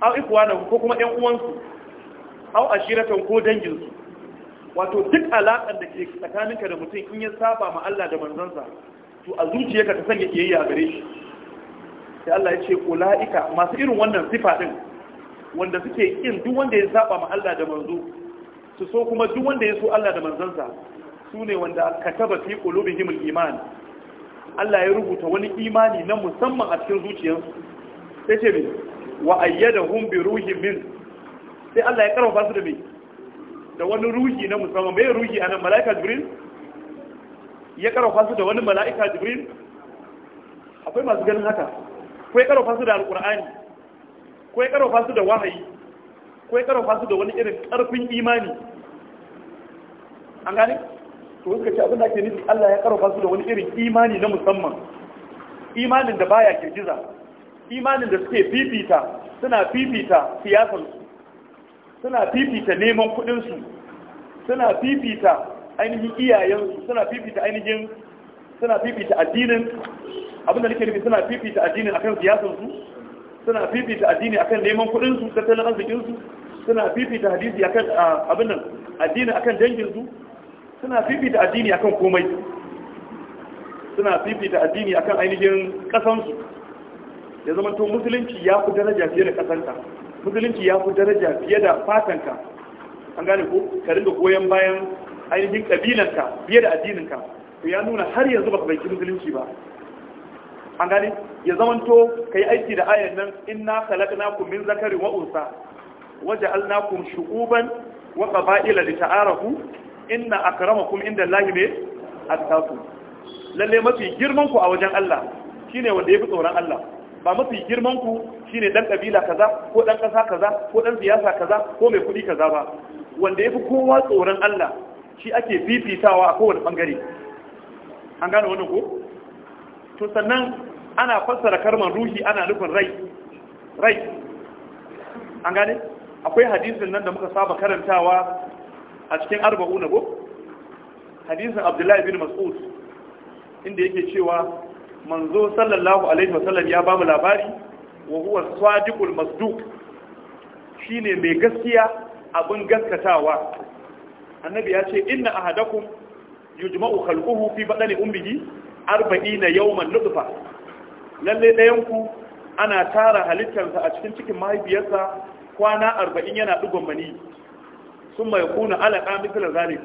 S1: aw ikwanahum ko kuma ɗan uwansu aw ashiratan ko danginsu wato duk alaƙar da ke tsakaninka da mutum in ya saba ma Allah da manzansa to a zuciyarka ta sanya kiyayya a gare shi sai Allah ya ce ulaika masu irin wannan sifa din wanda suke kin duk wanda ya saba ma Allah da manzo su so kuma duk wanda ya so Allah da manzansa su ne wanda kataba fi qulubihim al-iman Allah ya rubuta wani imani na musamman a cikin zuciyarsu sai ce wa ayyadahum bi ruhin min sai Allah ya karfafa su da me da wani ruhi na musamman me ruhi anan malaika jibril ya karfafa su da wani malaika jibril akwai masu ganin haka ko ya karfafa su da alqur'ani ko ya karfafa su da wahayi ko ya karfafa su da wani irin karfin imani an gane to suka ce abin da ake nufi Allah ya karfafa su da wani irin imani na musamman imanin da baya girgiza imanin da suke fifita suna fifita siyasansu suna fifita neman kudinsu suna fifita ainihin iyayensu suna fifita ainihin suna fifita addinin abinda nake nufi suna fifita addinin akan siyasansu suna fifita addini akan neman kudinsu tattalin arzikinsu suna fifita hadisi akan abin nan addini akan danginsu suna fifita addini akan komai suna fifita addini akan ainihin kasansu ya zama to musulunci ya fi daraja fiye da kasanka musulunci ya fi daraja fiye da fatanka an gane ko ka da goyon bayan ainihin kabilanka fiye da addininka to ya nuna har yanzu ba ka bai musulunci ba an gane ya zama to kai aiki da ayan nan inna khalaqnakum min zakarin wa unsa waja'alnakum shu'uban wa qaba'ila lita'arafu inna akramakum inda Allahi ne attaku lalle mafi girman ku a wajen Allah shine wanda yafi tsoron Allah ba mafi girman ku shine dan kabila kaza ko dan kasa kaza ko dan siyasa kaza ko mai kudi kaza ba wanda yafi kowa tsoron Allah shi ake fifitawa a kowane bangare an gane wannan ko to sannan ana fassara karman ruhi ana nufin rai rai an gane akwai hadisin nan da muka saba karantawa a cikin arba'u na ko hadisin abdullahi bin mas'ud inda yake cewa manzo sallallahu alaihi wasallam ya bamu labari wa huwa sadiqul masduq shine mai gaskiya abin gaskatawa annabi ya ce inna ahadakum yujma'u khalquhu fi badani ummihi 40 yawman nutfa lalle dayan ku ana tara halittarsa a cikin cikin mahaifiyarsa kwana 40 yana dugon mani sun mai kuna alaƙa mithla zalik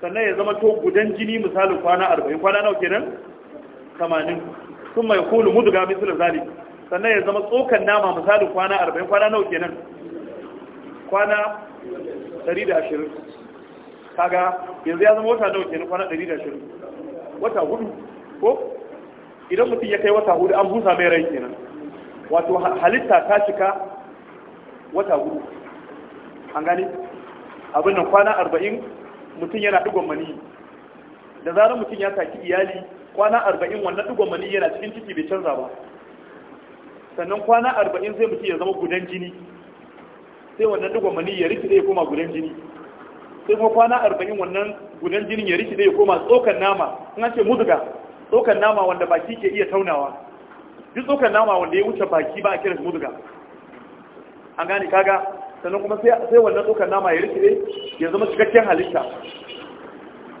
S1: sannan ya zama to gudan jini misalin kwana 40 kwana nawa kenan tamanin sun mai kulu ga misalin zali sannan ya zama tsokan nama misalin kwana arba'in kwana nau kenan kwana dari da ashirin kaga yanzu ya zama wata nau kenan kwana dari da ashirin wata hudu ko idan mutum ya kai wata hudu an busa mai rai kenan wato halitta ta cika wata hudu an gani abin nan kwana arba'in mutum yana digon mani da zarar mutum ya saki iyali kwana arba'in wannan digon mani yana cikin ciki bai canza ba sannan kwana arba'in zai mutu ya zama gudan jini sai wannan digon mani ya rikide ya koma gudan jini sai kuma kwana arba'in wannan gudan jinin ya rikide ya koma tsokan nama in an ce muzga. tsokan nama wanda baki ke iya taunawa duk tsokan nama wanda ya wuce baki ba a kira shi muzuga an gane kaga sannan kuma sai wannan tsokan nama ya rikide ya zama cikakken halitta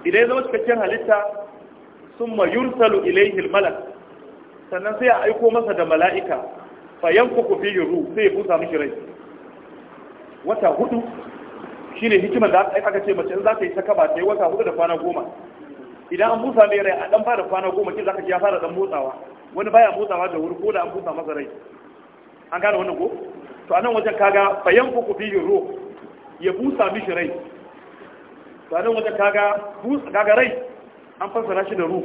S1: idan ya zama cikakken halitta summa yursalu ilayhi al-malak sannan sai a aiko masa da mala'ika fa yanfuku fi ruhu sai ya busa mishi rai wata hudu shine hikimar da aka ce mace in za ka yi ta kaba ta yi wata hudu da kwana goma idan an busa mai rai a dan fara kwana goma kin zaka ji ya fara dan motsawa wani baya motsawa da wuri ko da an busa masa rai an gane wannan ko to anan wajen kaga bayan ku fi biyu ruh ya busa mishi rai to anan wajen kaga busa kaga rai an fassara shi da ruhu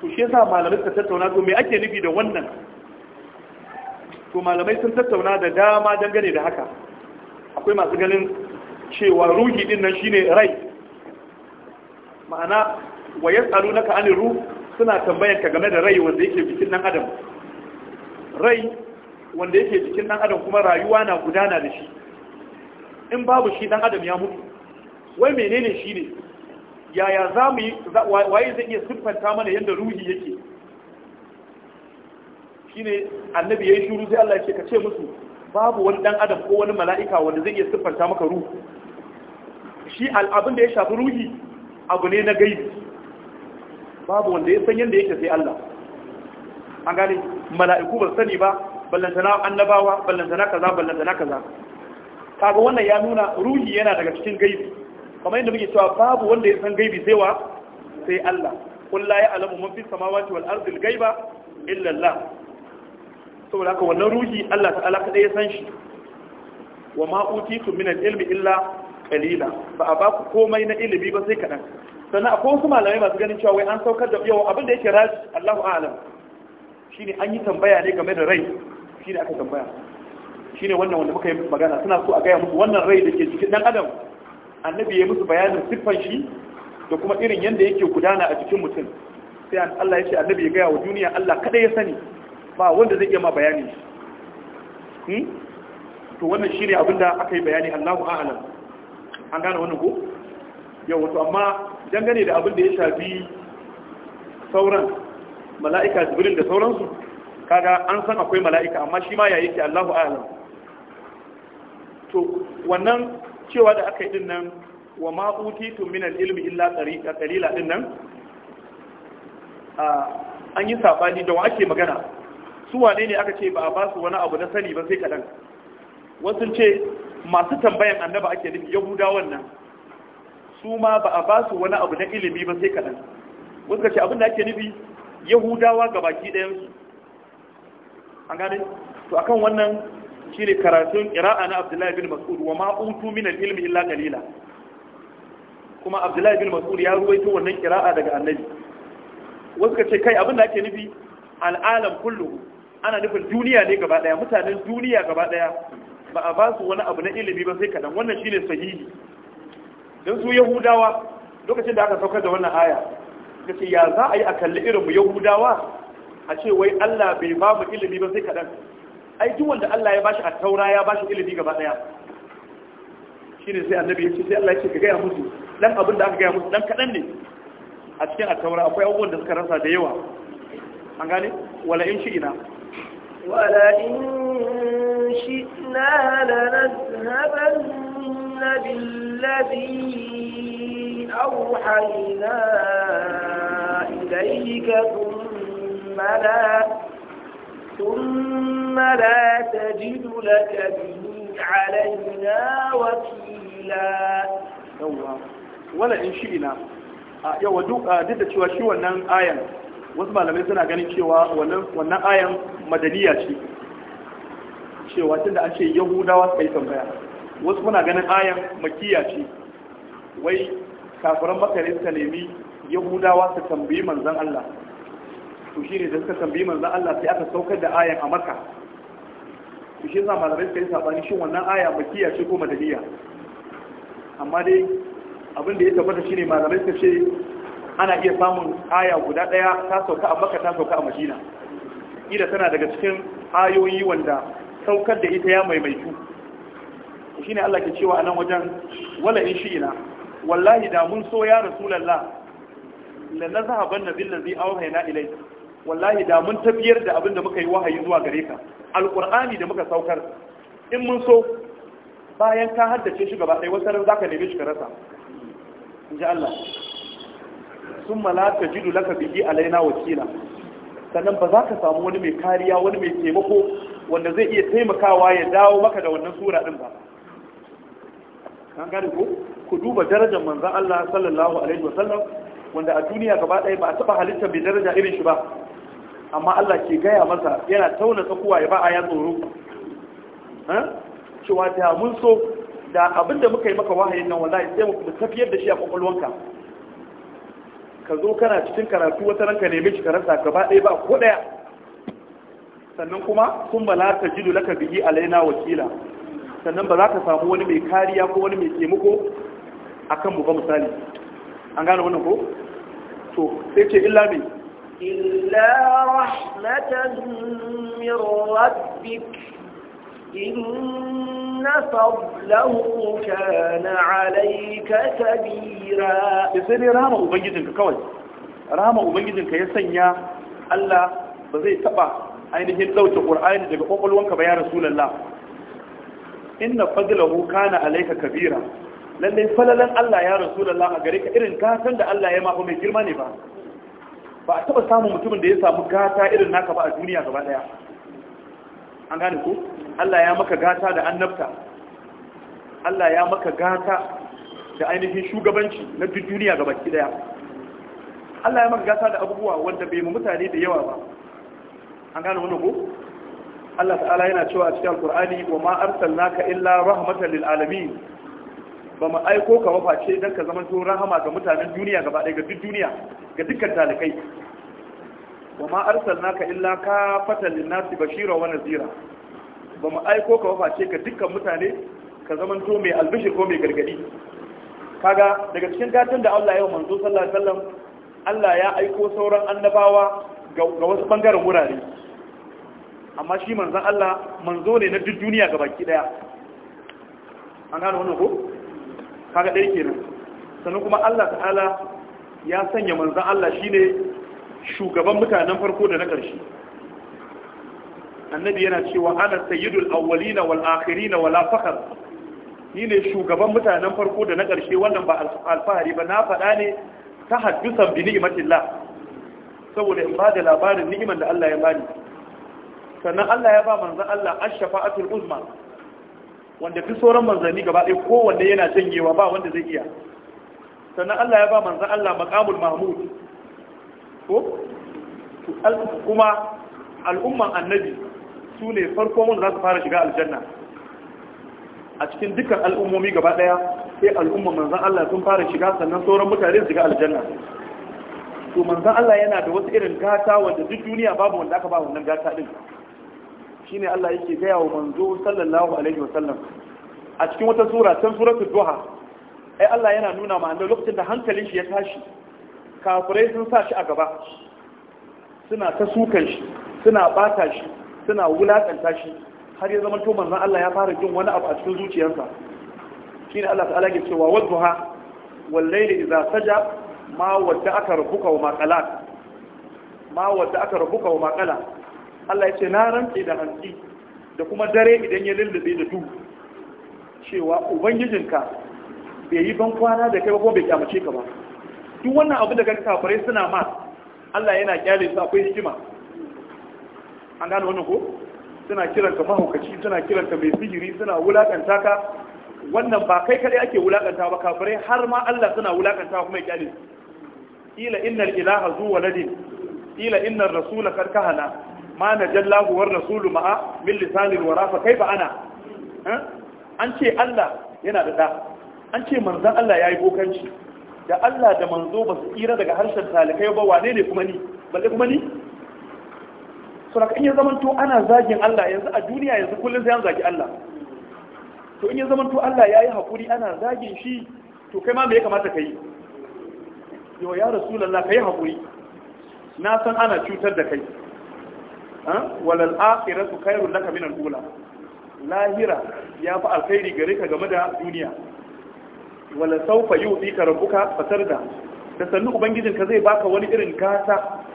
S1: to shi yasa malamai suka tattauna to me ake nufi da wannan to malamai sun tattauna da dama dangane da haka akwai masu ganin cewa ruhi din nan shine rai ma'ana wa naka anir ruh suna tambayan ka game da rai wanda yake cikin dan adam rai wanda yake jikin dan adam kuma rayuwa na gudana da shi in babu shi dan adam ya mutu wai menene shi ne yaya za mu yi waye zai iya siffanta mana yadda ruhi yake ne, annabi ya yi shuru, zai Allah ce ka ce musu babu wani dan adam ko wani mala'ika wanda zai iya siffanta maka ruhu shi al'abin da ya shafi ruhi abu ne na gaibi babu wanda ya san yadda yake sai Allah an gane mala'iku ba sani ba ballantana annabawa ballantana kaza ballantana kaza kaga wannan ya nuna ruhi yana daga cikin gaibi kamar yadda muke cewa babu wanda ya san gaibi sai wa sai Allah kun la ya alamu man fi samawati wal ardi al gaiba illa Allah saboda haka wannan ruhi Allah ta alaka kadai ya san shi wa ma utitu min al ilmi illa qalila ba a ba ku komai na ilimi ba sai kadan sannan akwai wasu malamai masu ganin cewa wai an saukar da yawa abin da yake raji Allahu a'lam shine an yi tambaya ne game da rai shine aka tambaya shine wannan wanda muka yi magana suna so a gaya musu wannan rai da ke cikin dan adam annabi ya musu bayanin siffan shi da kuma irin yadda yake gudana a jikin mutum sai Allah ya ce annabi ya gaya wa duniya Allah kada ya sani ba wanda zai iya ma bayani shi hmm? to wannan shine abin da aka yi bayani Allahu a'lam an gane wannan ko yau wato amma dangane da abin da ya shafi sauran mala'ika jibril da sauransu kaga an san akwai mala'ika amma shi ma ya yake Allahu a'lam to wannan cewa da aka yi din nan wa ma utitu min al-ilmi illa tariqa qalila din nan an yi sabani da wa ake magana su wane ne aka ce ba a basu wani abu na sani ba sai kadan wasu ce masu tambayan annaba ake nufi yahudawan wannan? su ma ba a basu wani abu na ilimi ba sai kadan wasu ce abin da ake nufi yahudawa ga baki ɗayansu an gane to akan wannan shine karatun qira'a na Abdullahi bin Mas'ud wa ma utu min al illa qalila kuma Abdullahi bin Mas'ud ya ruwaito wannan qira'a daga Annabi wasu ce kai abin da ake nufi al'alam kullu ana nufin duniya ne gaba daya mutanen duniya gaba daya ba a ba wani abu na ilimi ba sai kadan wannan shine sahihi dan su Yahudawa lokacin da aka saukar da wannan aya ce ya za a yi a kalli irin mu Yahudawa a ce wai Allah bai ba mu ilimi ba sai kaɗan. ai duk wanda Allah ya bashi a taura ya bashi ilimi gaba daya shine sai annabi ya ce sai Allah ya ce ka gaya musu dan abin da aka gaya musu dan kadan ne a cikin at-taura akwai abubuwan da suka rasa da yawa an gane wala in shi ina
S2: wala in shi'na lanadhhabanna billadhi awhayna ilayka thumma la ثم لا تجد لك به علينا
S1: وكيلا wala in shi ina yawa duk da cewa shi wannan ayan wasu malamai suna ganin cewa wannan ayan madaniya ce cewa tunda an ce yahudawa su kai tambaya wasu muna ganin ayan makiya ce wai kafiran makare suka nemi yahudawa su tambayi manzan Allah to shi ne da suka tambayi manzan Allah sai aka saukar da ayan a maka to shi yasa malamai suka yi sabani shi wannan aya makiya ce ko madaniya amma dai abin da ya tabbata ne, malamai suka ce ana iya samun aya guda daya ta sauka a maka ta sauka a madina ila tana daga cikin ayoyi wanda saukar da ita ya maimaitu ne Allah ke cewa a nan wajen wala in ina wallahi da mun so ya rasulallah la nazhaban nabil ladhi awhayna ilayka wallahi da mun tafiyar da abin da muka yi wahayi zuwa gare ka alqur'ani da muka saukar in mun so bayan ka haddace shi gaba ɗaya wata ran zaka neme shi ka rasa in ji Allah summa la tajidu laka bihi alaina wakila sannan ba za ka samu wani mai kariya wani mai taimako wanda zai iya taimakawa ya dawo maka da wannan sura din ba an gane ko ku duba darajar manzon Allah sallallahu alaihi wasallam wanda a duniya gaba ɗaya ba a taɓa halitta mai daraja irin shi ba amma Allah ke gaya masa yana tauna tsakuwa ya ba a ya tsoro cewa da mun so da abinda muka yi maka wahayin nan wallahi sai mu tafiyar da shi a kwakwalwanka ka zo kana cikin karatu wata ranka neme shi ka rasa gaba ɗaya ba ko ɗaya sannan kuma sun balata jidu laka a alaina wakila sannan ba za ka samu wani mai kariya ko wani mai taimako a kan mu ba misali an gane wannan ko to sai ce illa mai
S2: إلا رحمة من ربك إن فضله كان عليك
S1: كبيرا يسير رحمة أبنجدنك كوي رحمة أبنجدنك يسنيا الله بزي تبع ainihin ɗauke ƙur'ani daga ƙwaƙwalwanka ba ya rasulallah inna fadlahu kana alayka kabira lallai falalan Allah ya rasulallah a gare ka irin kasan da Allah ya mafa mai girma ne ba ba a taba samun mutumin da ya samu gata irin naka ba a duniya gaba daya an gane ku? Allah ya maka gata da annabta Allah ya maka gata da ainihin shugabanci na duk duniya gaba daya Allah ya maka gata da abubuwa wanda bai mu mutane da yawa ba an gane wannan ku? Allah ta'ala yana cewa a cikin Alƙur'ani, wa ma arsalnaka illa rahmatan lil alamin ba mu aiko ka maface don ka zama to rahama ga mutanen duniya gaba ɗaya ga duk duniya ga dukkan talikai wa ma arsalnaka illa ka fatan linnasi bashira wa nazira ba mu aiko ka maface ga dukkan mutane ka zama to mai albishir ko mai gargadi kaga daga cikin gatan da Allah ya yi manzo sallallahu alaihi wasallam Allah ya aiko sauran annabawa ga wasu bangaren wurare amma shi manzon Allah manzo ne na duk duniya ki daya an gano wannan ko kaga ɗaya kenan sannan kuma Allah ta'ala ya sanya manzan Allah shine shugaban mutanen farko da na ƙarshe annabi yana cewa ana sayyidul awwalina wal akhirina wala fakhar ni ne shugaban mutanen farko da na ƙarshe wannan ba alfahari ba na faɗa ne ta haddusan bi ni'matillah saboda in bada labarin ni'iman da Allah ya bani sannan Allah ya ba manzon Allah ash-shafa'atul uzma wanda duk sauran manzanni gaba ɗaya kowanne yana janyewa ba wanda zai iya sannan Allah ya ba manzan Allah maqamul mahmud ko kuma al'umman annabi su ne farko wanda za su fara shiga aljanna a cikin dukkan al'ummomi gaba ɗaya sai al'umman manzan Allah sun fara shiga sannan sauran mutane su shiga aljanna to manzan Allah yana da wasu irin gata wanda duk duniya babu wanda aka ba wannan gata din shine Allah yake gaya wa manzo sallallahu alaihi wasallam a cikin wata sura can suratul duha ai Allah yana nuna ma annabi lokacin da hankalin shi ya tashi kafirai sun sa shi a gaba suna ta sukan shi suna bata shi suna wulakanta shi har ya zama to manzon Allah ya fara jin wani abu a cikin zuciyarsa shine Allah ta'ala ke cewa wadduha wal layli idza saja ma wadda aka rubuka wa ma wadda aka rubuka wa maqalat Allah ya ce na ranke da hanci da kuma dare idan ya lullube da duhu cewa ubangijinka bai yi ban kwana da kai ba kuma bai kyamace ka ba duk wannan abu da kan kafirai suna ma Allah yana kyale su akwai hikima an gane wannan ko suna kiran ka mahaukaci suna kiran ka mai sihiri suna wulakanta ka wannan ba kai kadai ake wulakanta ba kafirai har ma Allah suna wulakanta kuma ya kyale su ila innal ilaha zuwa ladin ila innar rasula karkahana ma najallahu war rasulu ma'a min lisanil wara fa kaifa ana an ce Allah yana da da an ce manzon Allah yayi bokanci da Allah da manzo ba su tsira daga harshen talikai ba wane ne kuma ni balle kuma ni saboda in ya zamanto ana zagin Allah yanzu a duniya yanzu kullum sai an zagi Allah to in ya zamanto Allah yayi hakuri ana zagin shi to kai ma me ya kamata kai yo ya rasulullah kai hakuri na san ana cutar da kai walal akhiratu khairul laka min al-ula lahira ya fi alkhairi gare ka game da duniya wala saufa yu'tika rabbuka fatarda da sannu ubangijin ka zai baka wani irin gata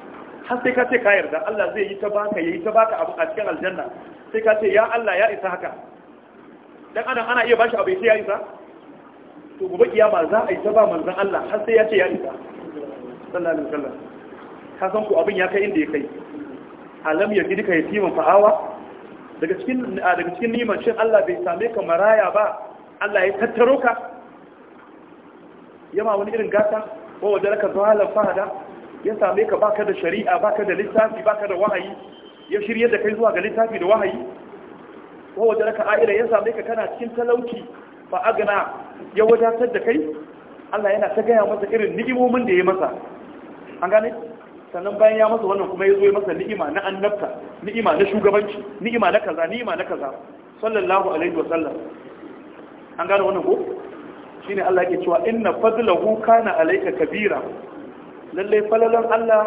S1: har sai ka ce ka yarda Allah zai yi ta baka yayi ta baka abu a cikin aljanna sai ka ce ya Allah ya isa haka dan adam ana iya bashi abu sai ya isa to gobe kiyama za a yi ta ba manzon Allah har sai ya ce ya isa sallallahu alaihi wasallam ka san ku abin ya kai inda ya kai alam ya gidika yatiman fa'awa daga cikin daga cikin niman shin Allah bai same ka maraya ba Allah ya tattaro ka yama wani irin gata ko raka zuwa fahada ya same ka baka da shari'a baka da littafi baka da wahayi ya shirye da kai zuwa ga littafi da wahayi ko raka a'ira ya same ka kana cikin talauci fa agna ya wadatar da kai Allah yana ta gaya masa irin ni'imomin da ya masa an gane sannan bayan ya masa wannan kuma ya zo ya masa ni'ima na annabta ni'ima na shugabanci ni'ima na kaza ni'ima na kaza sallallahu alaihi wa sallam an gane wannan ko shine Allah yake cewa inna fadlahu kana alayka kabira lalle falalan Allah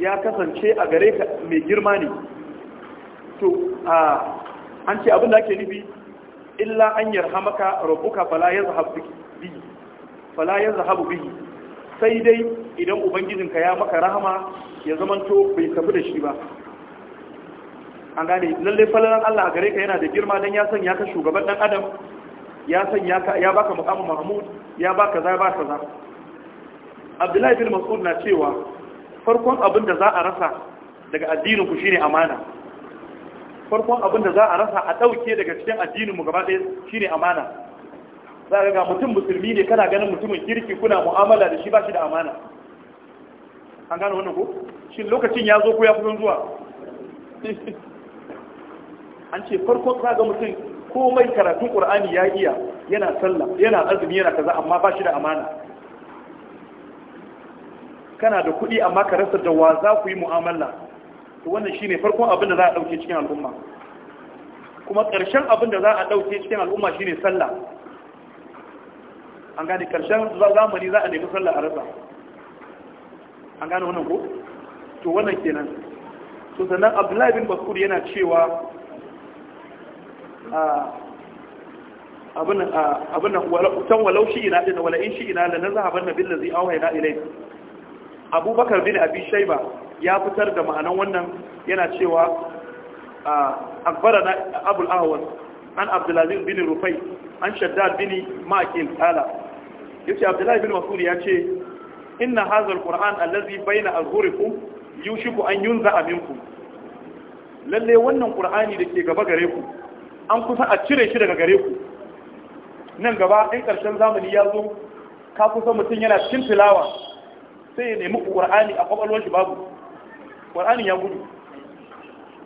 S1: ya kasance a gare ka mai girma ne to a an ce abin da ake nufi illa an yarhamaka rabbuka fala yazhab bihi fala yazhabu bihi sai dai idan ubangijinka ya maka rahama ya zamanto bai tafi da shi ba an gane lalle falalan Allah a gare ka yana da girma dan ya sanya ka shugaban dan adam ya sanya ka ya baka muqamin mahmud ya baka za baka za Abdullahi bin Mas'ud na cewa farkon abin da za a rasa daga addinin ku shine amana farkon abin da za a rasa a dauke daga cikin addinin mu gaba ɗaya shine amana za ga mutum musulmi ne kana ganin mutumin kirki kuna mu'amala da shi ba shi da amana an gano wannan ko shi lokacin ya zo ko ya kusan zuwa an ce farko za ga mutum komai karatun qur'ani ya iya yana sallah yana azumi yana kaza amma ba shi da amana kana da kuɗi amma ka rasa da wa za ku yi mu'amala to wannan shine farkon abin da za a ɗauke cikin al'umma kuma ƙarshen abin da za a ɗauke cikin al'umma shine sallah an gane karshen zamani za a nemi sallah a rasa an gane wannan ko to wannan kenan to sannan abdullahi bin mas'ud yana cewa abin nan tan walau shi ina da wala in shi ina da na zahaban na bin da zai auha ina ilai abubakar bin abi shaiba ya fitar da ma'anan wannan yana cewa akbara na abul ahwas an abdullahi bin rufai an shaddad bin ma'akil ala yace abdullahi bin mas'ud ya ce inna hadha alquran allazi baina azhurikum yushiku an yunza minkum lalle wannan qur'ani da ke gaba gare ku an kusa a cire shi daga gare ku nan gaba in karshen zamani ya zo ka kusa mutum yana cikin tilawa sai ya nemi qur'ani a kwakwalwar shi babu qur'ani ya gudu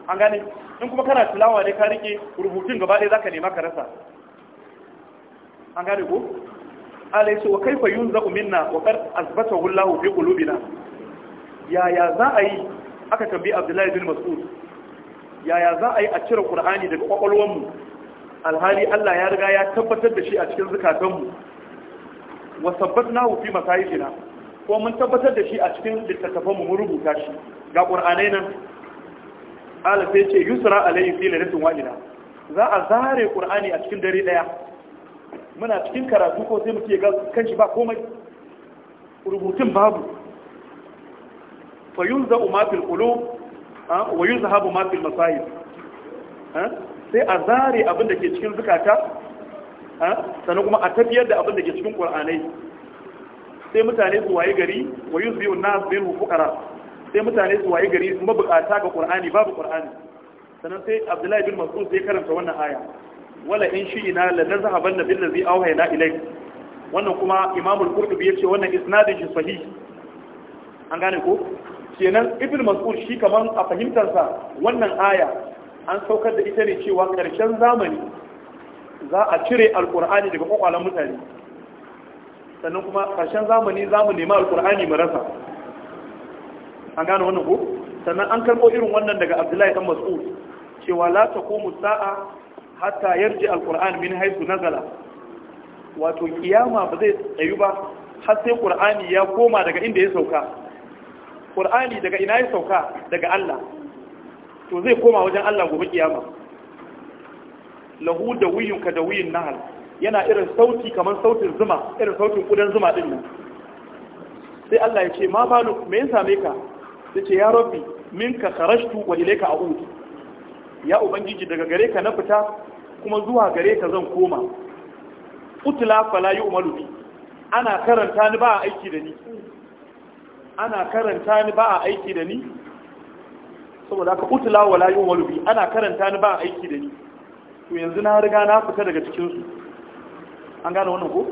S1: an gane in kuma kana tilawa ne ka rike rubutun gaba ɗaya zaka nema ka rasa an gane ko ala yace wa kaifa yunzaku minna wa qad azbatahu Allah bi qulubina yaya za a yi aka tambayi Abdullahi bin Mas'ud yaya za a yi a cire Qur'ani daga mu alhali Allah ya riga ya tabbatar da shi a cikin mu wa sabbatnahu fi masayidina ko mun tabbatar da shi a cikin littattafanmu mun rubuta shi ga Qur'anai nan alai sai ce yusra alayhi fi lailatin wahida za a zare Qur'ani a cikin dare daya muna cikin karatu ko sai muke ga kanshi ba komai rubutun babu fa yunza ma fil qulub wa yuzhabu ma fil masahib sai a zare abin da ke cikin ha sannan kuma a tafiyar da abin da ke cikin qur'anai sai mutane su waye gari wa yuzbiu nas bil fuqara sai mutane su waye gari mabukata ga qur'ani babu qur'ani sannan sai abdullahi bin mas'ud sai karanta wannan aya wala in shi shi'ina la nazhabanna bil ladhi awhayna ilayk wannan kuma imam al-qurtubi yace wannan isnadin shi sahih an gane ko kenan ibn mas'ud shi kaman a fahimtar sa wannan aya an saukar da ita ne cewa karshen zamani za a cire alqur'ani daga kwakwalan mutane sannan kuma karshen zamani za mu nemi alqur'ani mu rasa an gane wannan ko sannan an karbo irin wannan daga abdullahi dan mas'ud cewa la taqumu sa'a hatta yarji alkur'an min haisu nazala wato kiyama ba zai tsayu ba har sai qur'ani ya koma daga inda ya sauka qur'ani daga ina ya sauka daga Allah to zai koma wajen Allah gobe kiyama lahu da wiyun ka da wiyun nahal yana irin sauti kamar sautin zuma irin sautin kudan zuma din nan sai Allah ya ce ma balu me ya same ka sai ya rabbi minka kharashtu wa ilayka a'ud ya ubangiji daga gare ka na fita kuma zuwa gare ka zan koma utla fala yu'malu bi ana karanta ni ba a aiki da ni ana karanta ni ba a aiki da ni saboda haka utla wala yu'malu bi ana karanta ni ba a aiki da ni to yanzu na riga na fita daga cikin su an gane wannan ko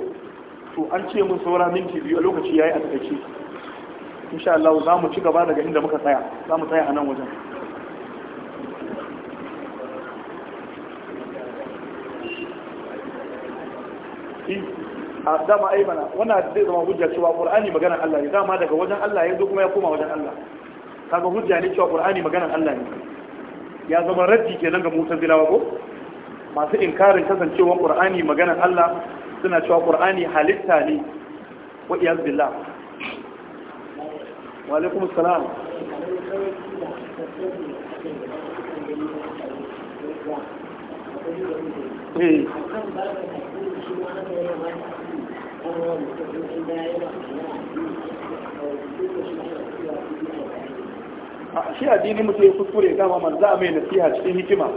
S1: to an ce mun saura minti biyu a lokaci yayi a take insha Allah za mu ci gaba daga inda muka tsaya za mu tsaya a nan wajen a dama ai mana wannan hadisi zai zama hujja cewa qur'ani maganar Allah ne dama daga wajen Allah yanzu kuma ya koma wajen Allah kaga hujja ne cewa qur'ani maganar Allah ne ya zama raddi kenan ga mu'tazilawa ko masu inkarin kasancewar qur'ani maganar Allah suna cewa qur'ani halitta ne wa iyaz billah wa alaikum assalam
S3: eh shi
S1: addini mutum ya kuskure dama man za a mai nasiha cikin hikima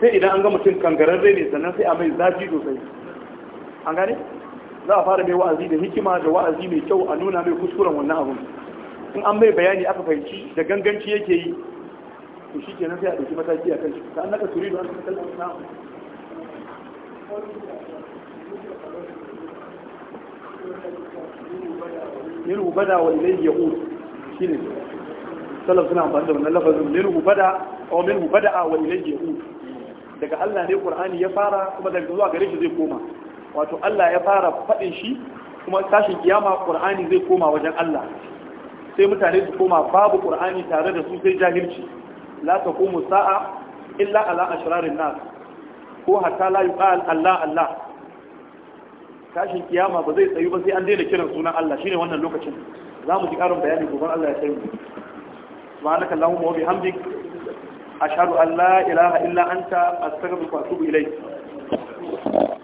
S1: sai idan an ga mutum kangarar rai ne sannan sai a mai zafi sosai an gane za a fara mai wa'azi da hikima da wa'azi mai kyau a nuna mai kuskuren wannan abu in an mai bayani aka fahimci da ganganci yake yi to shi kenan sai a ɗauki mataki a kan shi ta an naka turi da wani kasar da min ubada ya ilayhi shi ne. salaf suna amfani da wannan lafazin min ubada aw min ubada wa ilayhi yaqul daga Allah ne Qur'ani ya fara kuma daga zuwa gare shi zai koma wato Allah ya fara faɗin shi kuma tashin kiyama Qur'ani zai koma wajen Allah sai mutane su koma babu Qur'ani tare da su sai jahilci la taqumu sa'a illa ala ashrarin nas ko hatta la yuqal Allah Allah tashin kiyama ba zai tsayu ba sai an daina kiran sunan Allah shine wannan lokacin za mu ji karin bayani gobe Allah ya sai mu subhanaka allahumma wa bihamdik ashhadu an la ilaha illa anta astaghfiruka wa atubu ilayk